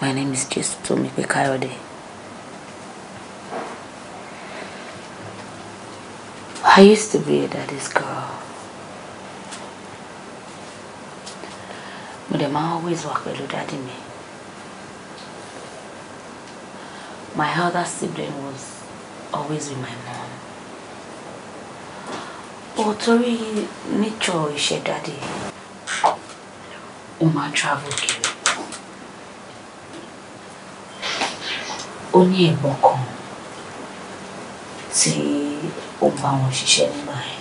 my name is Jesus Tomi Kayode. I used to be a daddy's girl. mo dẹ̀ máa always wà pẹ̀lú dáàdì mi. My other sibling was always with my mom. But torí nature iṣẹ́ dáàdì, ó máa travel kiri. Ó ní ẹ̀gbọ́n kan tí ó bá wọn ṣiṣẹ́ nígbà yẹn.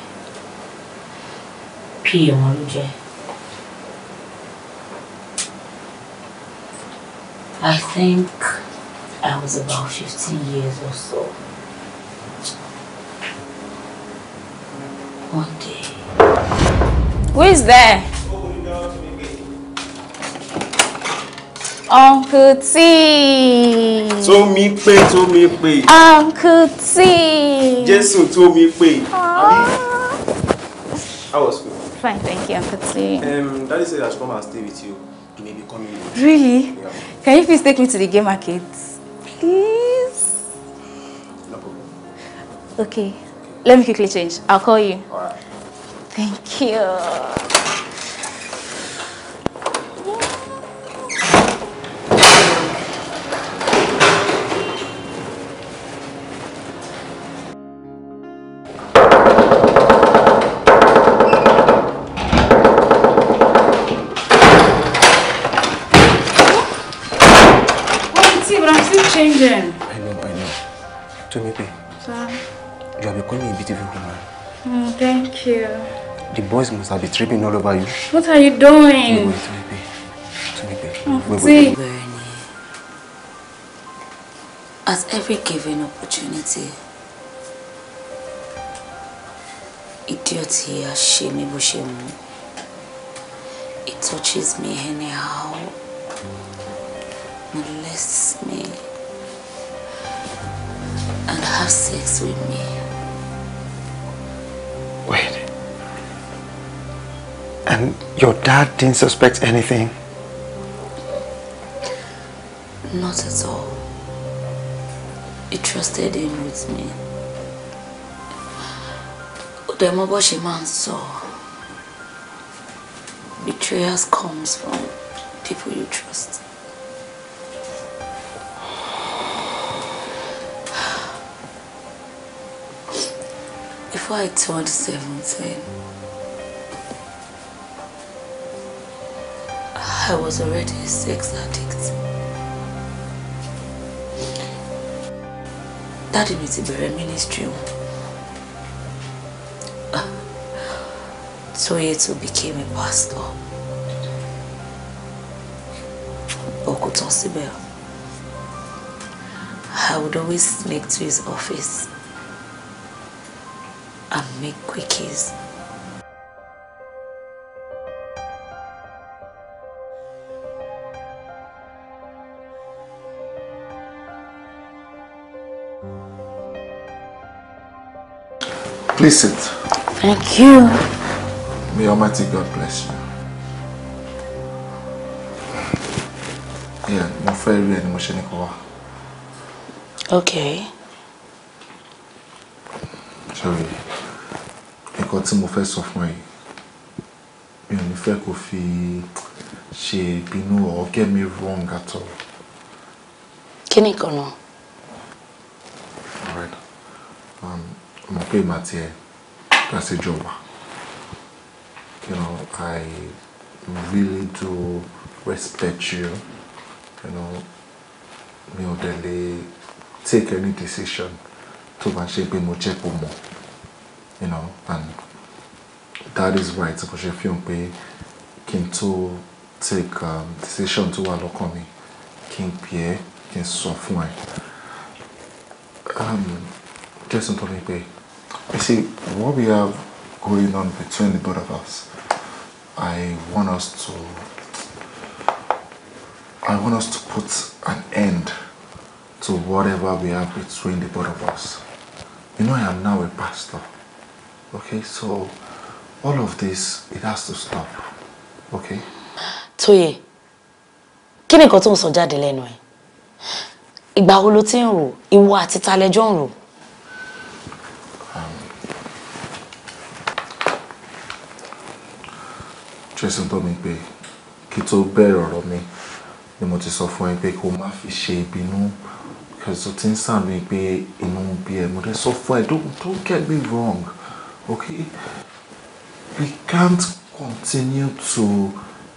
PA wọn ló jẹ́. I think I was about 15 years or so. One day. Who is there? Uncle T. me Tómi pé me pé. Uncle T. Jésù me pé. Ah. How was school? Fine, thank you, Uncle T. Um, Daddy said I should come and stay with you. You may be coming. Really? Can you please take me to the game market? Please? No problem. Okay. Let me quickly change. I'll call you. All right. Thank you. boys must have been tripping all over you. What are you doing? Wait, wait, wait, wait, wait, wait. As every given opportunity, idiot here shame me bushimu. It touches me anyhow, molests me, and has sex with me. Wait. And your dad didn't suspect anything? Not at all. He trusted him with me. Odemoboshi man saw. betrayal comes from people you trust. Before I turned 17, I was already a sex addict. Daddy be a minister, ministry he ah, too became a pastor. But I would always sneak to his office and make quickies. Please sit. Thank you. May Almighty God bless you. Yeah, mo fẹ́ and ẹni mo ṣe ní Okay. Sorry, nǹkan tí mo fẹ́ of my. ẹ mi ò ní fẹ́ kó She ṣe ìbínú or get me wrong at all. Can you go now? All right. Um, mọ̀ pé màá tiẹ̀ kàṣejọ wà. You know, I really do respect you. You know, mi ò dẹ̀ take any decision to bá ṣe pé mo jẹ́ kó mọ̀. You know, and that is why tí mo ṣe fi hàn pé kí take um, decision to wà lọ́kàn mi kí n pè é kí n sọ fún ẹ. Um, Jẹ́sìn You see, what we have going on between the both of us, I want us to I want us to put an end to whatever we have between the both of us. You know I am now a pastor. Okay, so all of this, it has to stop. Okay? Tóyè, kini ni nǹkan tó ń sọ jáde lẹ́nu ẹ̀? Ìgbà wo lo ti ń Jason tó mi pé kí tó bẹ̀rẹ̀ ọ̀rọ̀ mi ni mo ti sọ fún ẹ pé kó má fi ṣe ìbínú because o ti ń sàmì pé inú bí ẹ mo dẹ̀ sọ fún ẹ don't get me wrong okay we can't continue to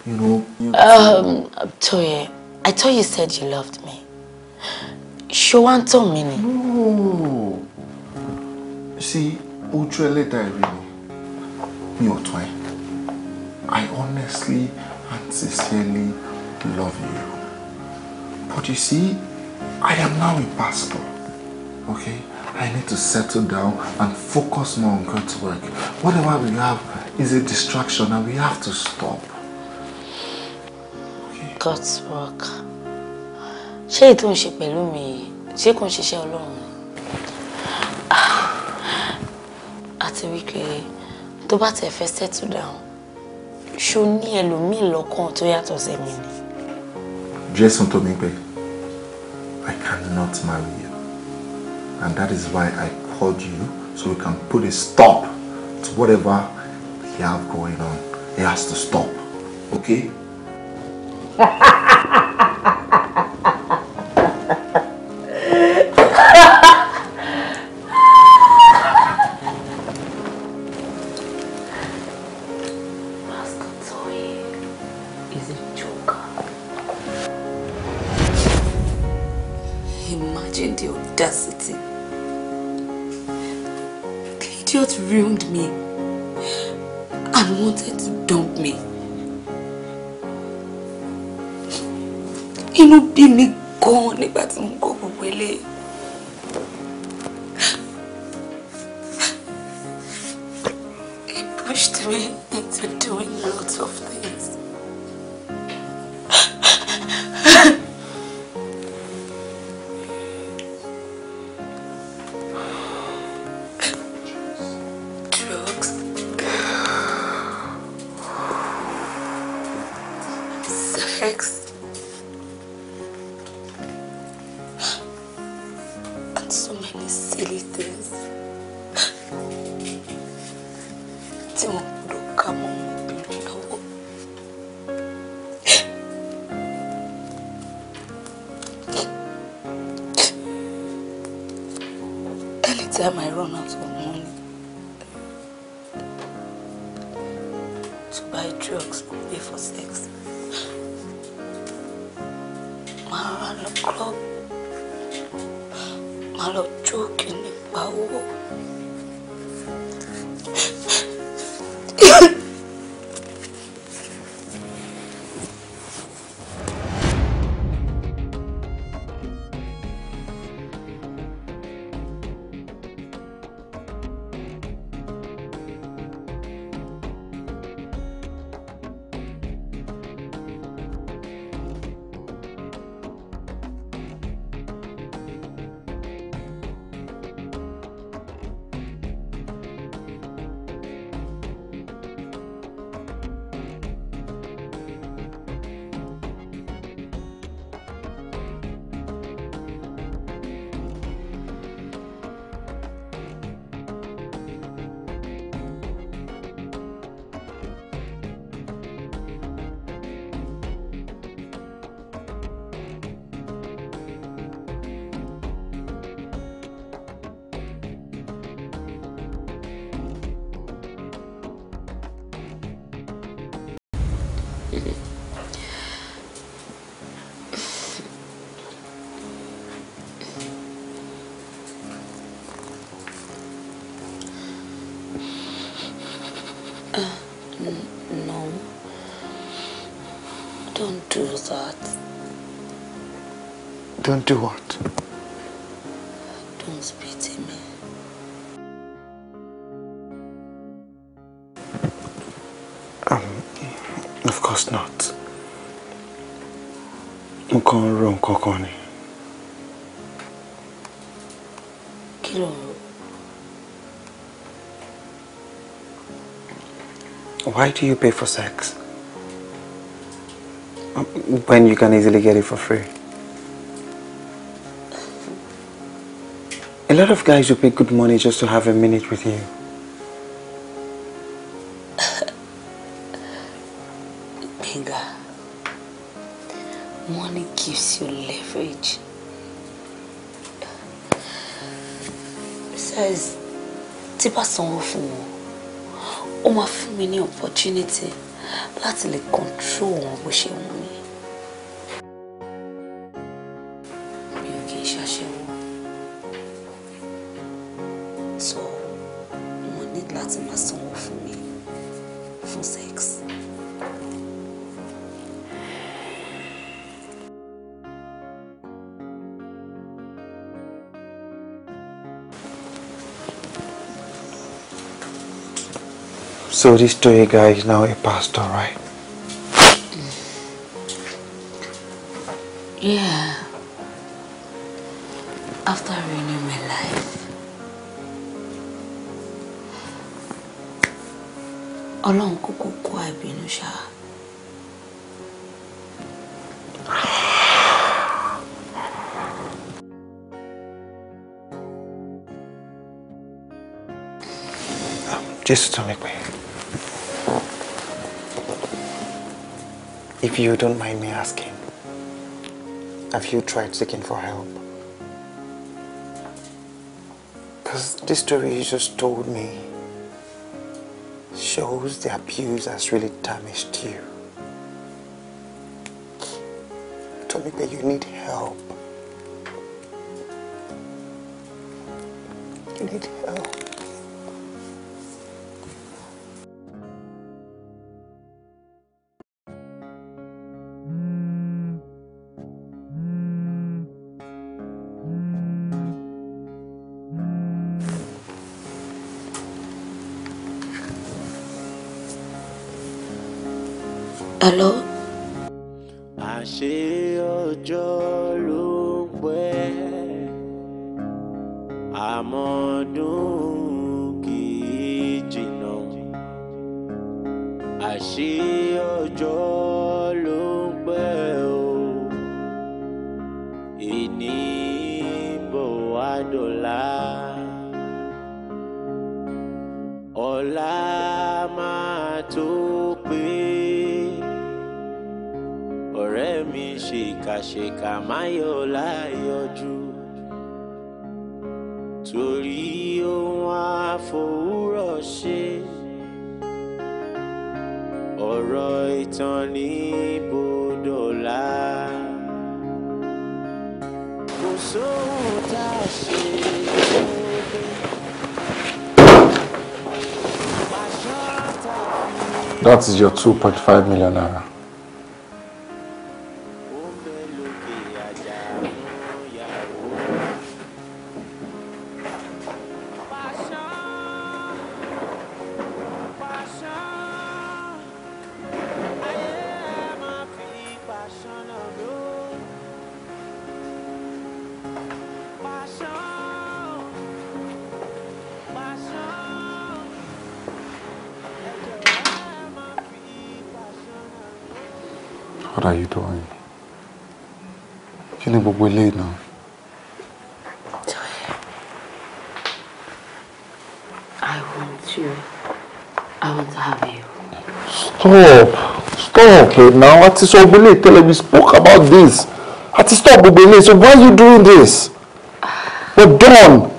you know. Um, Toye, I thought you said you loved me. ṣé wàá ń tàn mí ni. no see ojú ẹlẹ́dàá ẹ̀rí mi mi ò tán ẹ́. I honestly and sincerely love you. But you see, I am now a pastor. Okay? I need to settle down and focus more on God's work. Whatever we have is a distraction and we have to stop. Okay? God's work. Ṣé ètò ń ṣe pẹ̀lú mi ṣé kò ń ṣiṣẹ́ Ọlọ́run? Ah, àti wípé tó bá tẹ̀ fẹ́ settle down ṣó ní ẹlòmíì lọ́kàn tó yàtọ̀ sẹ́mi ni. Jason told me pé I cannot marry you and that is why I called you so we can put a stop to whatever you have going on. It has to stop, okay? 我不会累。Don't do that. Don't do what? why do you pay for sex? Um, when you can easily get it for free. A lot of guys will pay good money just to have a minute with you. So this story guy is now a pastor, right? Yeah. After renewing my life, Ọlọ́run Kuku, kú àìbínú ṣá. Jésù tún mi pè é. If you don't mind me asking, have you tried seeking for help? Because this story you just told me shows the abuse has really damaged you. Told me that you need help. You need help. hola fòwúrọ̀ ṣe ọ̀rọ̀ ìtàn ní bòdòlá kò sóhun tá a ṣe lóde That is your 2.5 million naira. okay now àti sọ gbogbo eléyìí spoke about this àti stop gbogbo so why you doing this but don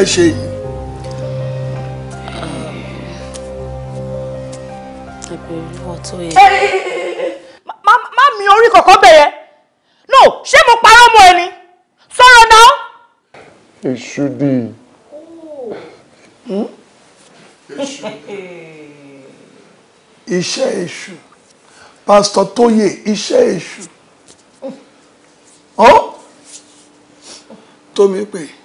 ẹ ṣe yìí. má mi orí kọ̀kọ́ bẹ̀yẹ no ṣé mo parọ́ mọ́ ẹni sọ̀rọ̀ náà. èṣù bí. Hmm? iṣẹ́ èṣù pásítọ̀ tóyè iṣẹ́ èṣù ọ́ tómi pè é.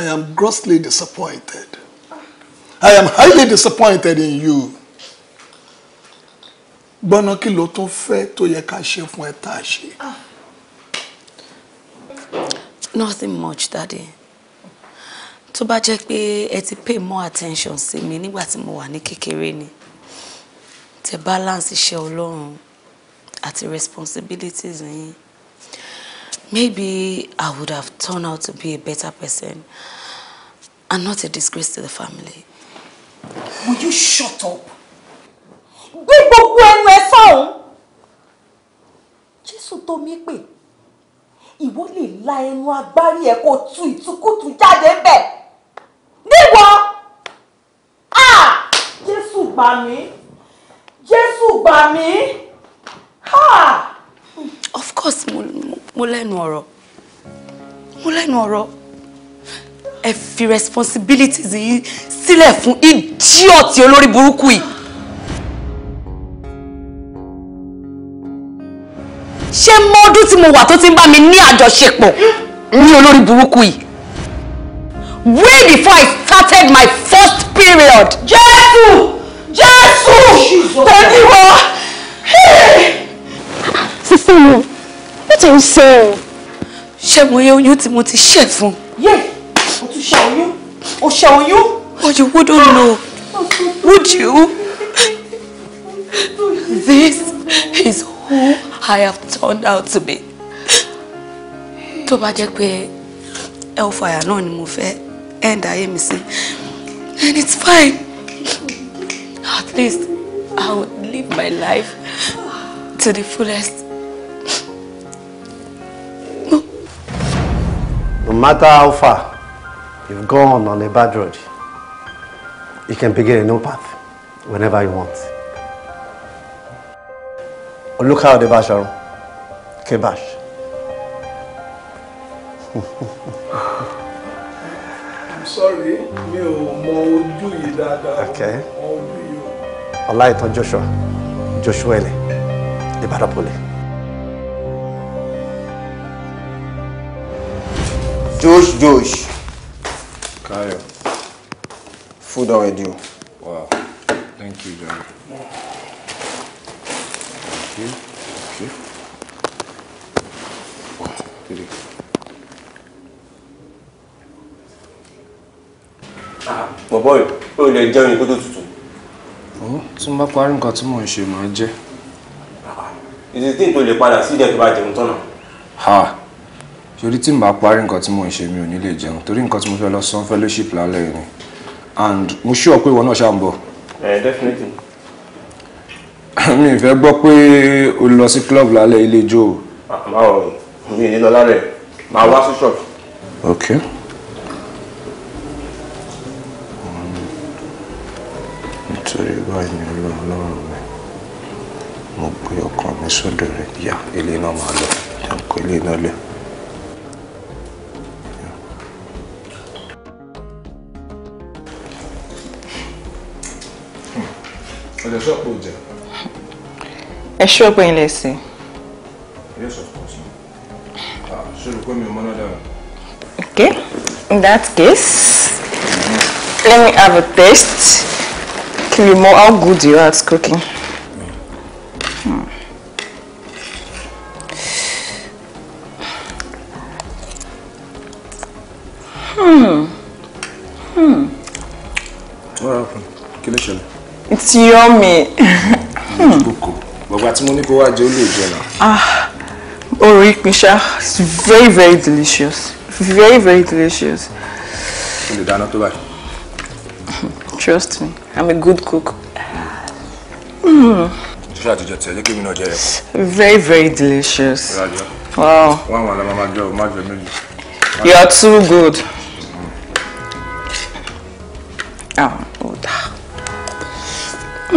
I am grossly disappointed. I am highly disappointed in you. Gbọ́nà kí ló tún fẹ́ tó yẹ ká ṣe fún ẹ tá a ṣe? Nothing much, Daddy. Tó bá jẹ́ pé ẹ ti pay more attention sí mi nígbà tí mo wà ní kékeré ni. Tẹ balance iṣẹ́ Ọlọ́run àti responsibilities yín. Maybe I would have turn out to be a better person and not a disgrace to the family. Will you shut up? Gbé gbogbo ẹnu ẹ sọ́hún. Jésù tó mi pè, ìwọ lè la ẹnu agbárí ẹ kó tu ìtukùtù jáde ńbẹ̀. Níwọ! Jésù Jesus mí! Jésù gbà mí! Of course mo lẹ́nu ọ̀rọ̀ mo lẹ́nu ọ̀rọ̀ ẹ fi responsibilities yìí sílẹ̀ fún idiot olórí burúkú yìí. ṣé mọ́ọ́dún tí mo wà tó ti ń bá mi ní àjọṣepọ̀ ní olórí burúkú yìí way before I started my first period. Jésù Jésù oníwọ̀. sísè mi what are you saying ṣé mo yẹ oyún tí mo ti ṣẹ̀ fún. yé o tún ṣe oyún o ṣe oyún. oh you wouldn't know would you this is who I have turned out to be. tó bá jẹ́ pé hellfire náà ni mo fẹ́ end ayé mi sí and it's fine at least I will live my life to the fullest. No matter how far you've gone on a bad road, you can begin a new path whenever you want. Look how the bash are. Kebash. I'm sorry, me o mọ ojú yìí dáadáa. Okay. Ọlá ìtàn Joshua, Joshua le, the Poli. Josh, Josh. Kayo. Food already. Wow. Thank you, John. Thank you, Wow. Really. Bọ̀bọ̀ yìí, ó lè jẹun ikú tó tutù. Ó tí mo bá parí nǹkan tí mò ń ṣe máa jẹ́. Ìdí tí n tó lè padà sí ìdẹ́ tó bá jẹun tán náà ṣorí tí mo bá parí nǹkan tí mo ń ṣe mi ò ní lè jẹun torí nǹkan tí mo fẹ́ lọ san fellowship lálẹ́ yìí ni and mo ṣúọ pé ìwọ náà ṣáà ń bọ̀. Eh, definitely. mi ì fẹ́ gbọ́ pé o lọ sí club lálẹ́ ilé ijó o. Ah, máa wọ mi ì ní lọ lálẹ́ máa wá sí shop. ok. nítorí báyìí ni ọlọ́run mi mo gbé ọkàn mi sọ́dọ̀ rẹ̀ yá ilé náà máa lọ jẹun kó ilé náà lẹ́yìn. ọjọ́ ṣọ́ọ̀pù jẹ. ẹ ṣọ́ pé ń sí. yes of course ṣé o rò pé mi ò mọ́nà dára. okay in that case let me have a taste kí ni mo how good you are at cooking. Hmm. Hmm. Hmm. What happened? Kí ló ṣẹlẹ̀? It's yummy. Boko. Bàbá tí mo ní kó wá jẹ ó lè jẹ náà. Ah, orí pin it's very very delicious. Very very delicious. Ó lè dáná tó báyìí. Trust me, I'm a good cook. Ṣé àtijọ́ tí ẹ jẹ́ kí èmi náà jẹ́ ẹ̀kọ́? Very very delicious. Rájọ́. Wow. Wọ́n àwọn àlọ́ máa jẹ́ o, má jẹ méjì. You are too good. Ah, ó oh, o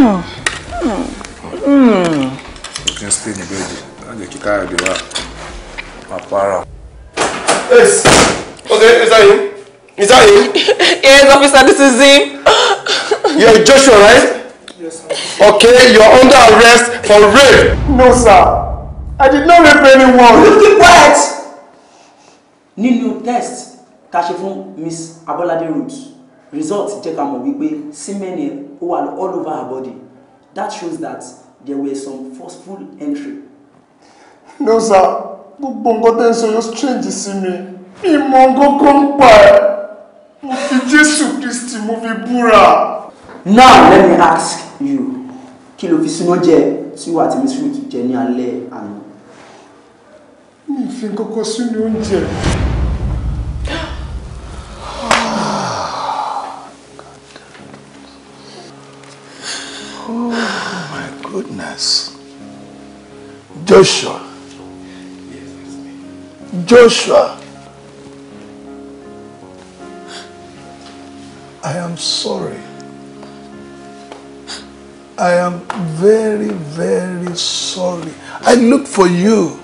ti ń stay ní bẹ́ẹ̀dì láti kí káyọ̀dé wà máa para. yes okay is that you is that you. yes officer this is him. you Joshua right. yes sir. okay you're under arrest for rape. no sir I did not rape anyone. you keep quiet. new test tá a ṣe fún Miss Abolade Roots result jẹ́ ká mọ̀ wípé semen ó wà all over her body that shows that there were some forceful entry. no sir gbogbo nǹkan tẹ́ ń sọ yóò strange sí mi mi mọ nǹkan kan ń pa ẹ́ mo fi Jésù Kristi mo fi búra. now let me ask you kí ló fi súná jẹ tí wàá ti miss fruit jẹ ní alẹ́ àná. mi ì fi nǹkan kan sínú oúnjẹ. goodness. Joshua. Joshua. I am sorry. I am very, very sorry. I look for you.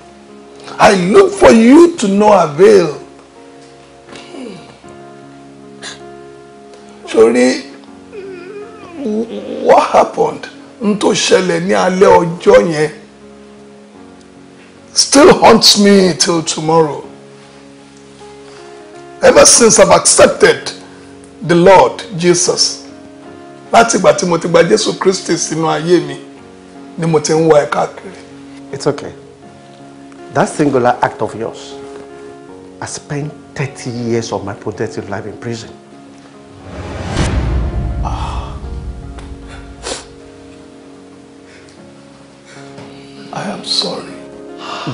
I look for you to no avail. Sorry, what happened? n tó ṣẹlẹ̀ ní alẹ́ ọjọ́ yẹn still haunts me till tomorrow ever since I've accepted the Lord Jesus láti ìgbà tí mo ti gba Jésù Kristi sínú ayé mi ni mo ti ń wá ẹ káàkiri. It's okay. That singular act of yours, I spent thirty years of my productive life in prison. am sorry.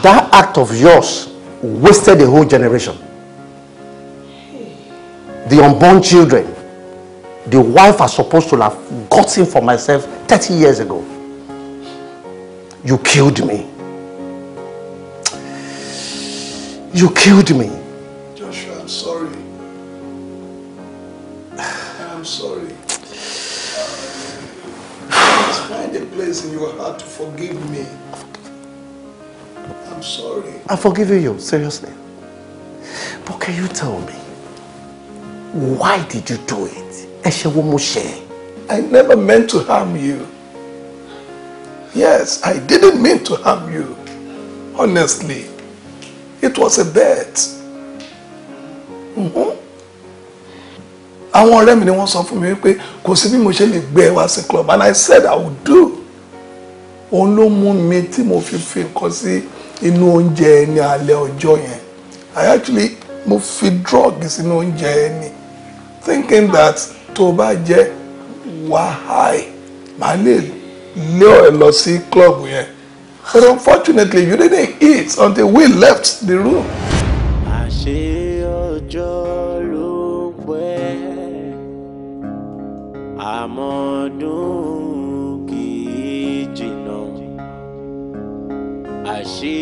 That act of yours wasted a whole generation. The unborn children, the wife I supposed to have gotten for myself 30 years ago. You killed me. You killed me. Joshua, I'm sorry. I'm sorry. Find a place in your heart to forgive me. I'm sorry. I forgive you, seriously. But can you tell me, why did you do it? I never meant to harm you. Yes, I didn't mean to harm you. Honestly, it was a bet. I mm-hmm. want àwọn ọ̀rẹ́ mi ni wọ́n sọ fún mi wípé kò sí bí mo club and I said I would do Only moon mú mi tí mo fi fi nǹkan inú oúnjẹ ẹni alẹ́ ọjọ́ yẹn I actually mo fi drug sínú oúnjẹ ẹni thinking that tó o bá jẹ wàhálà màá lè lé ọ lọ sí club yẹn but unfortunately you didn't eat until we left the room. àṣé ọjọ́ ló pẹ́ àmọ́ ọdún. àṣé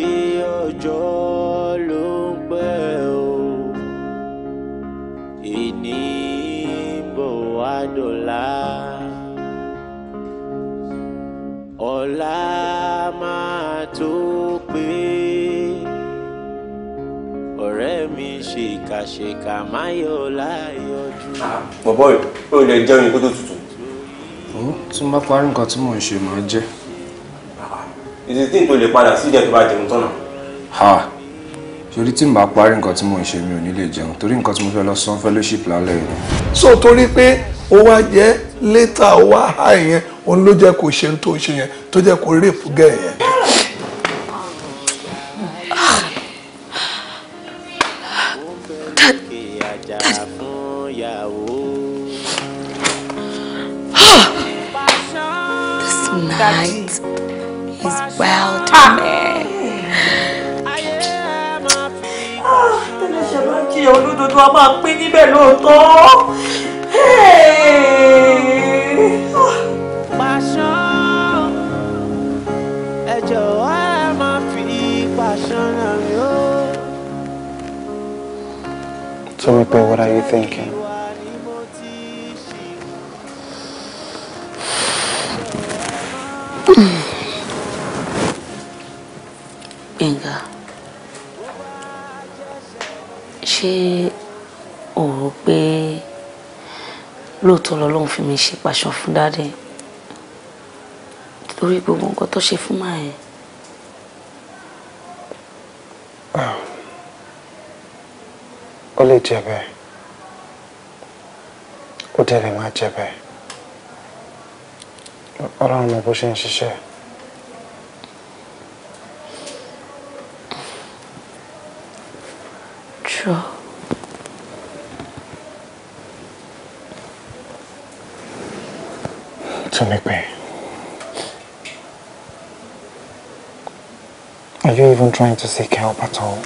ọjọ́ ló ń pẹ́ o ìní bò wá dọ̀la ọ̀la máa tó pé ọ̀rẹ́ mi ṣèkàṣèkà máa yọ láyọjú. bọ̀bọ̀ yìí ó lè jẹun ikú tó tutù. Hm, tí mo bá parí nǹkan tí mò ń ṣe màá jẹ́ ìdílé tó lè padà sí ìjẹ́ tó bá jẹun tọ́nà. ha torí tí n bá parí nǹkan tí mo ń ṣe mi ò ní lè jẹun torí nǹkan tí mo fẹ́ lọ san fellowship lálẹ́ yìí. so torí pé ó wá jẹ́ létà ó wá há yẹn òun ló jẹ́ kó ṣe tó ṣe yẹn tó jẹ́ kó rèpù gẹ̀ yẹn. máa pín níbẹ̀ lóòótọ́. pàṣọ ẹ jọ̀wọ́ máa fi pàṣọ náà yó. Tell me, boy, what are you thinking? Inga. She pé lóòótọ́ lọ́lọ́run fi mi ṣe pàṣọ fún dáadé torí gbogbo nǹkan tó ṣe fún màá yẹn. Ah. ó lè jẹ bẹ́ẹ̀ ó dẹ̀ lè má jẹ bẹ́ẹ̀ ọlọ́run mọ bó ṣe ń ṣiṣẹ́. Sure. tún mi pé Are you even trying to seek help at all?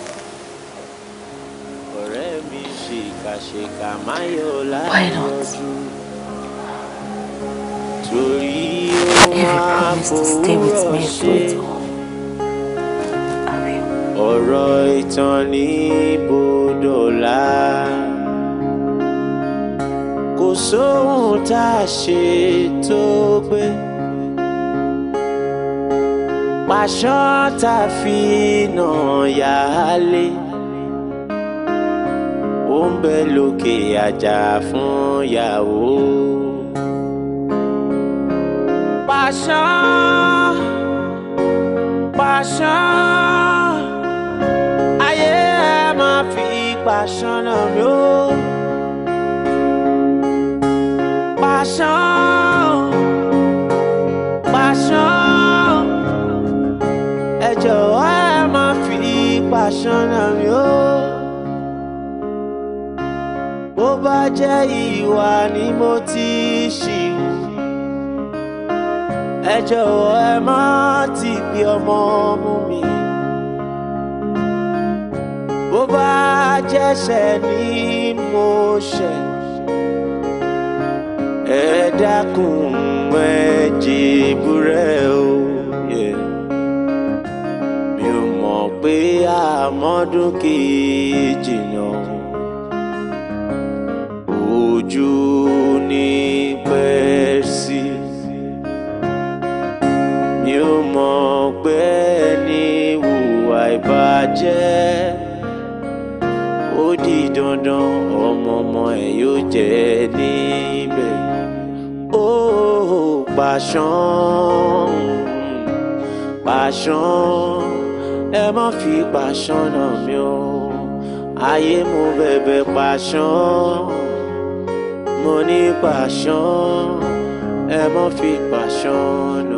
Why not? If you promise to stay with me through it all. Ọ̀rọ̀ ìtàn kò sóhun tá a ṣe tó pé. pàṣán tá a fi nà yálé. ó ń bẹ lókè àjà fún yàwó. pàṣán pàṣán ayé ẹ máa fi pàṣán náà lóò. Paixão, paixão, ẹ jọ̀wọ́ ẹ má fi paixão nà mí o. Bó bá jẹ́ ìwà ni mo ti ṣì ẹ ti bí ọmọ mú mi. Bó bá jẹ́ṣẹ̀ ni mo ṣẹ̀ dákun ẹ̀jẹ̀ ìbúrẹ́ o. mi ò mọ̀ pé àmọ́dún kì í jìnnà. passion passion ẹ má fi passion náà mi o ayé mo bẹ̀bẹ̀ passion mo ní passion ẹ má fi passion.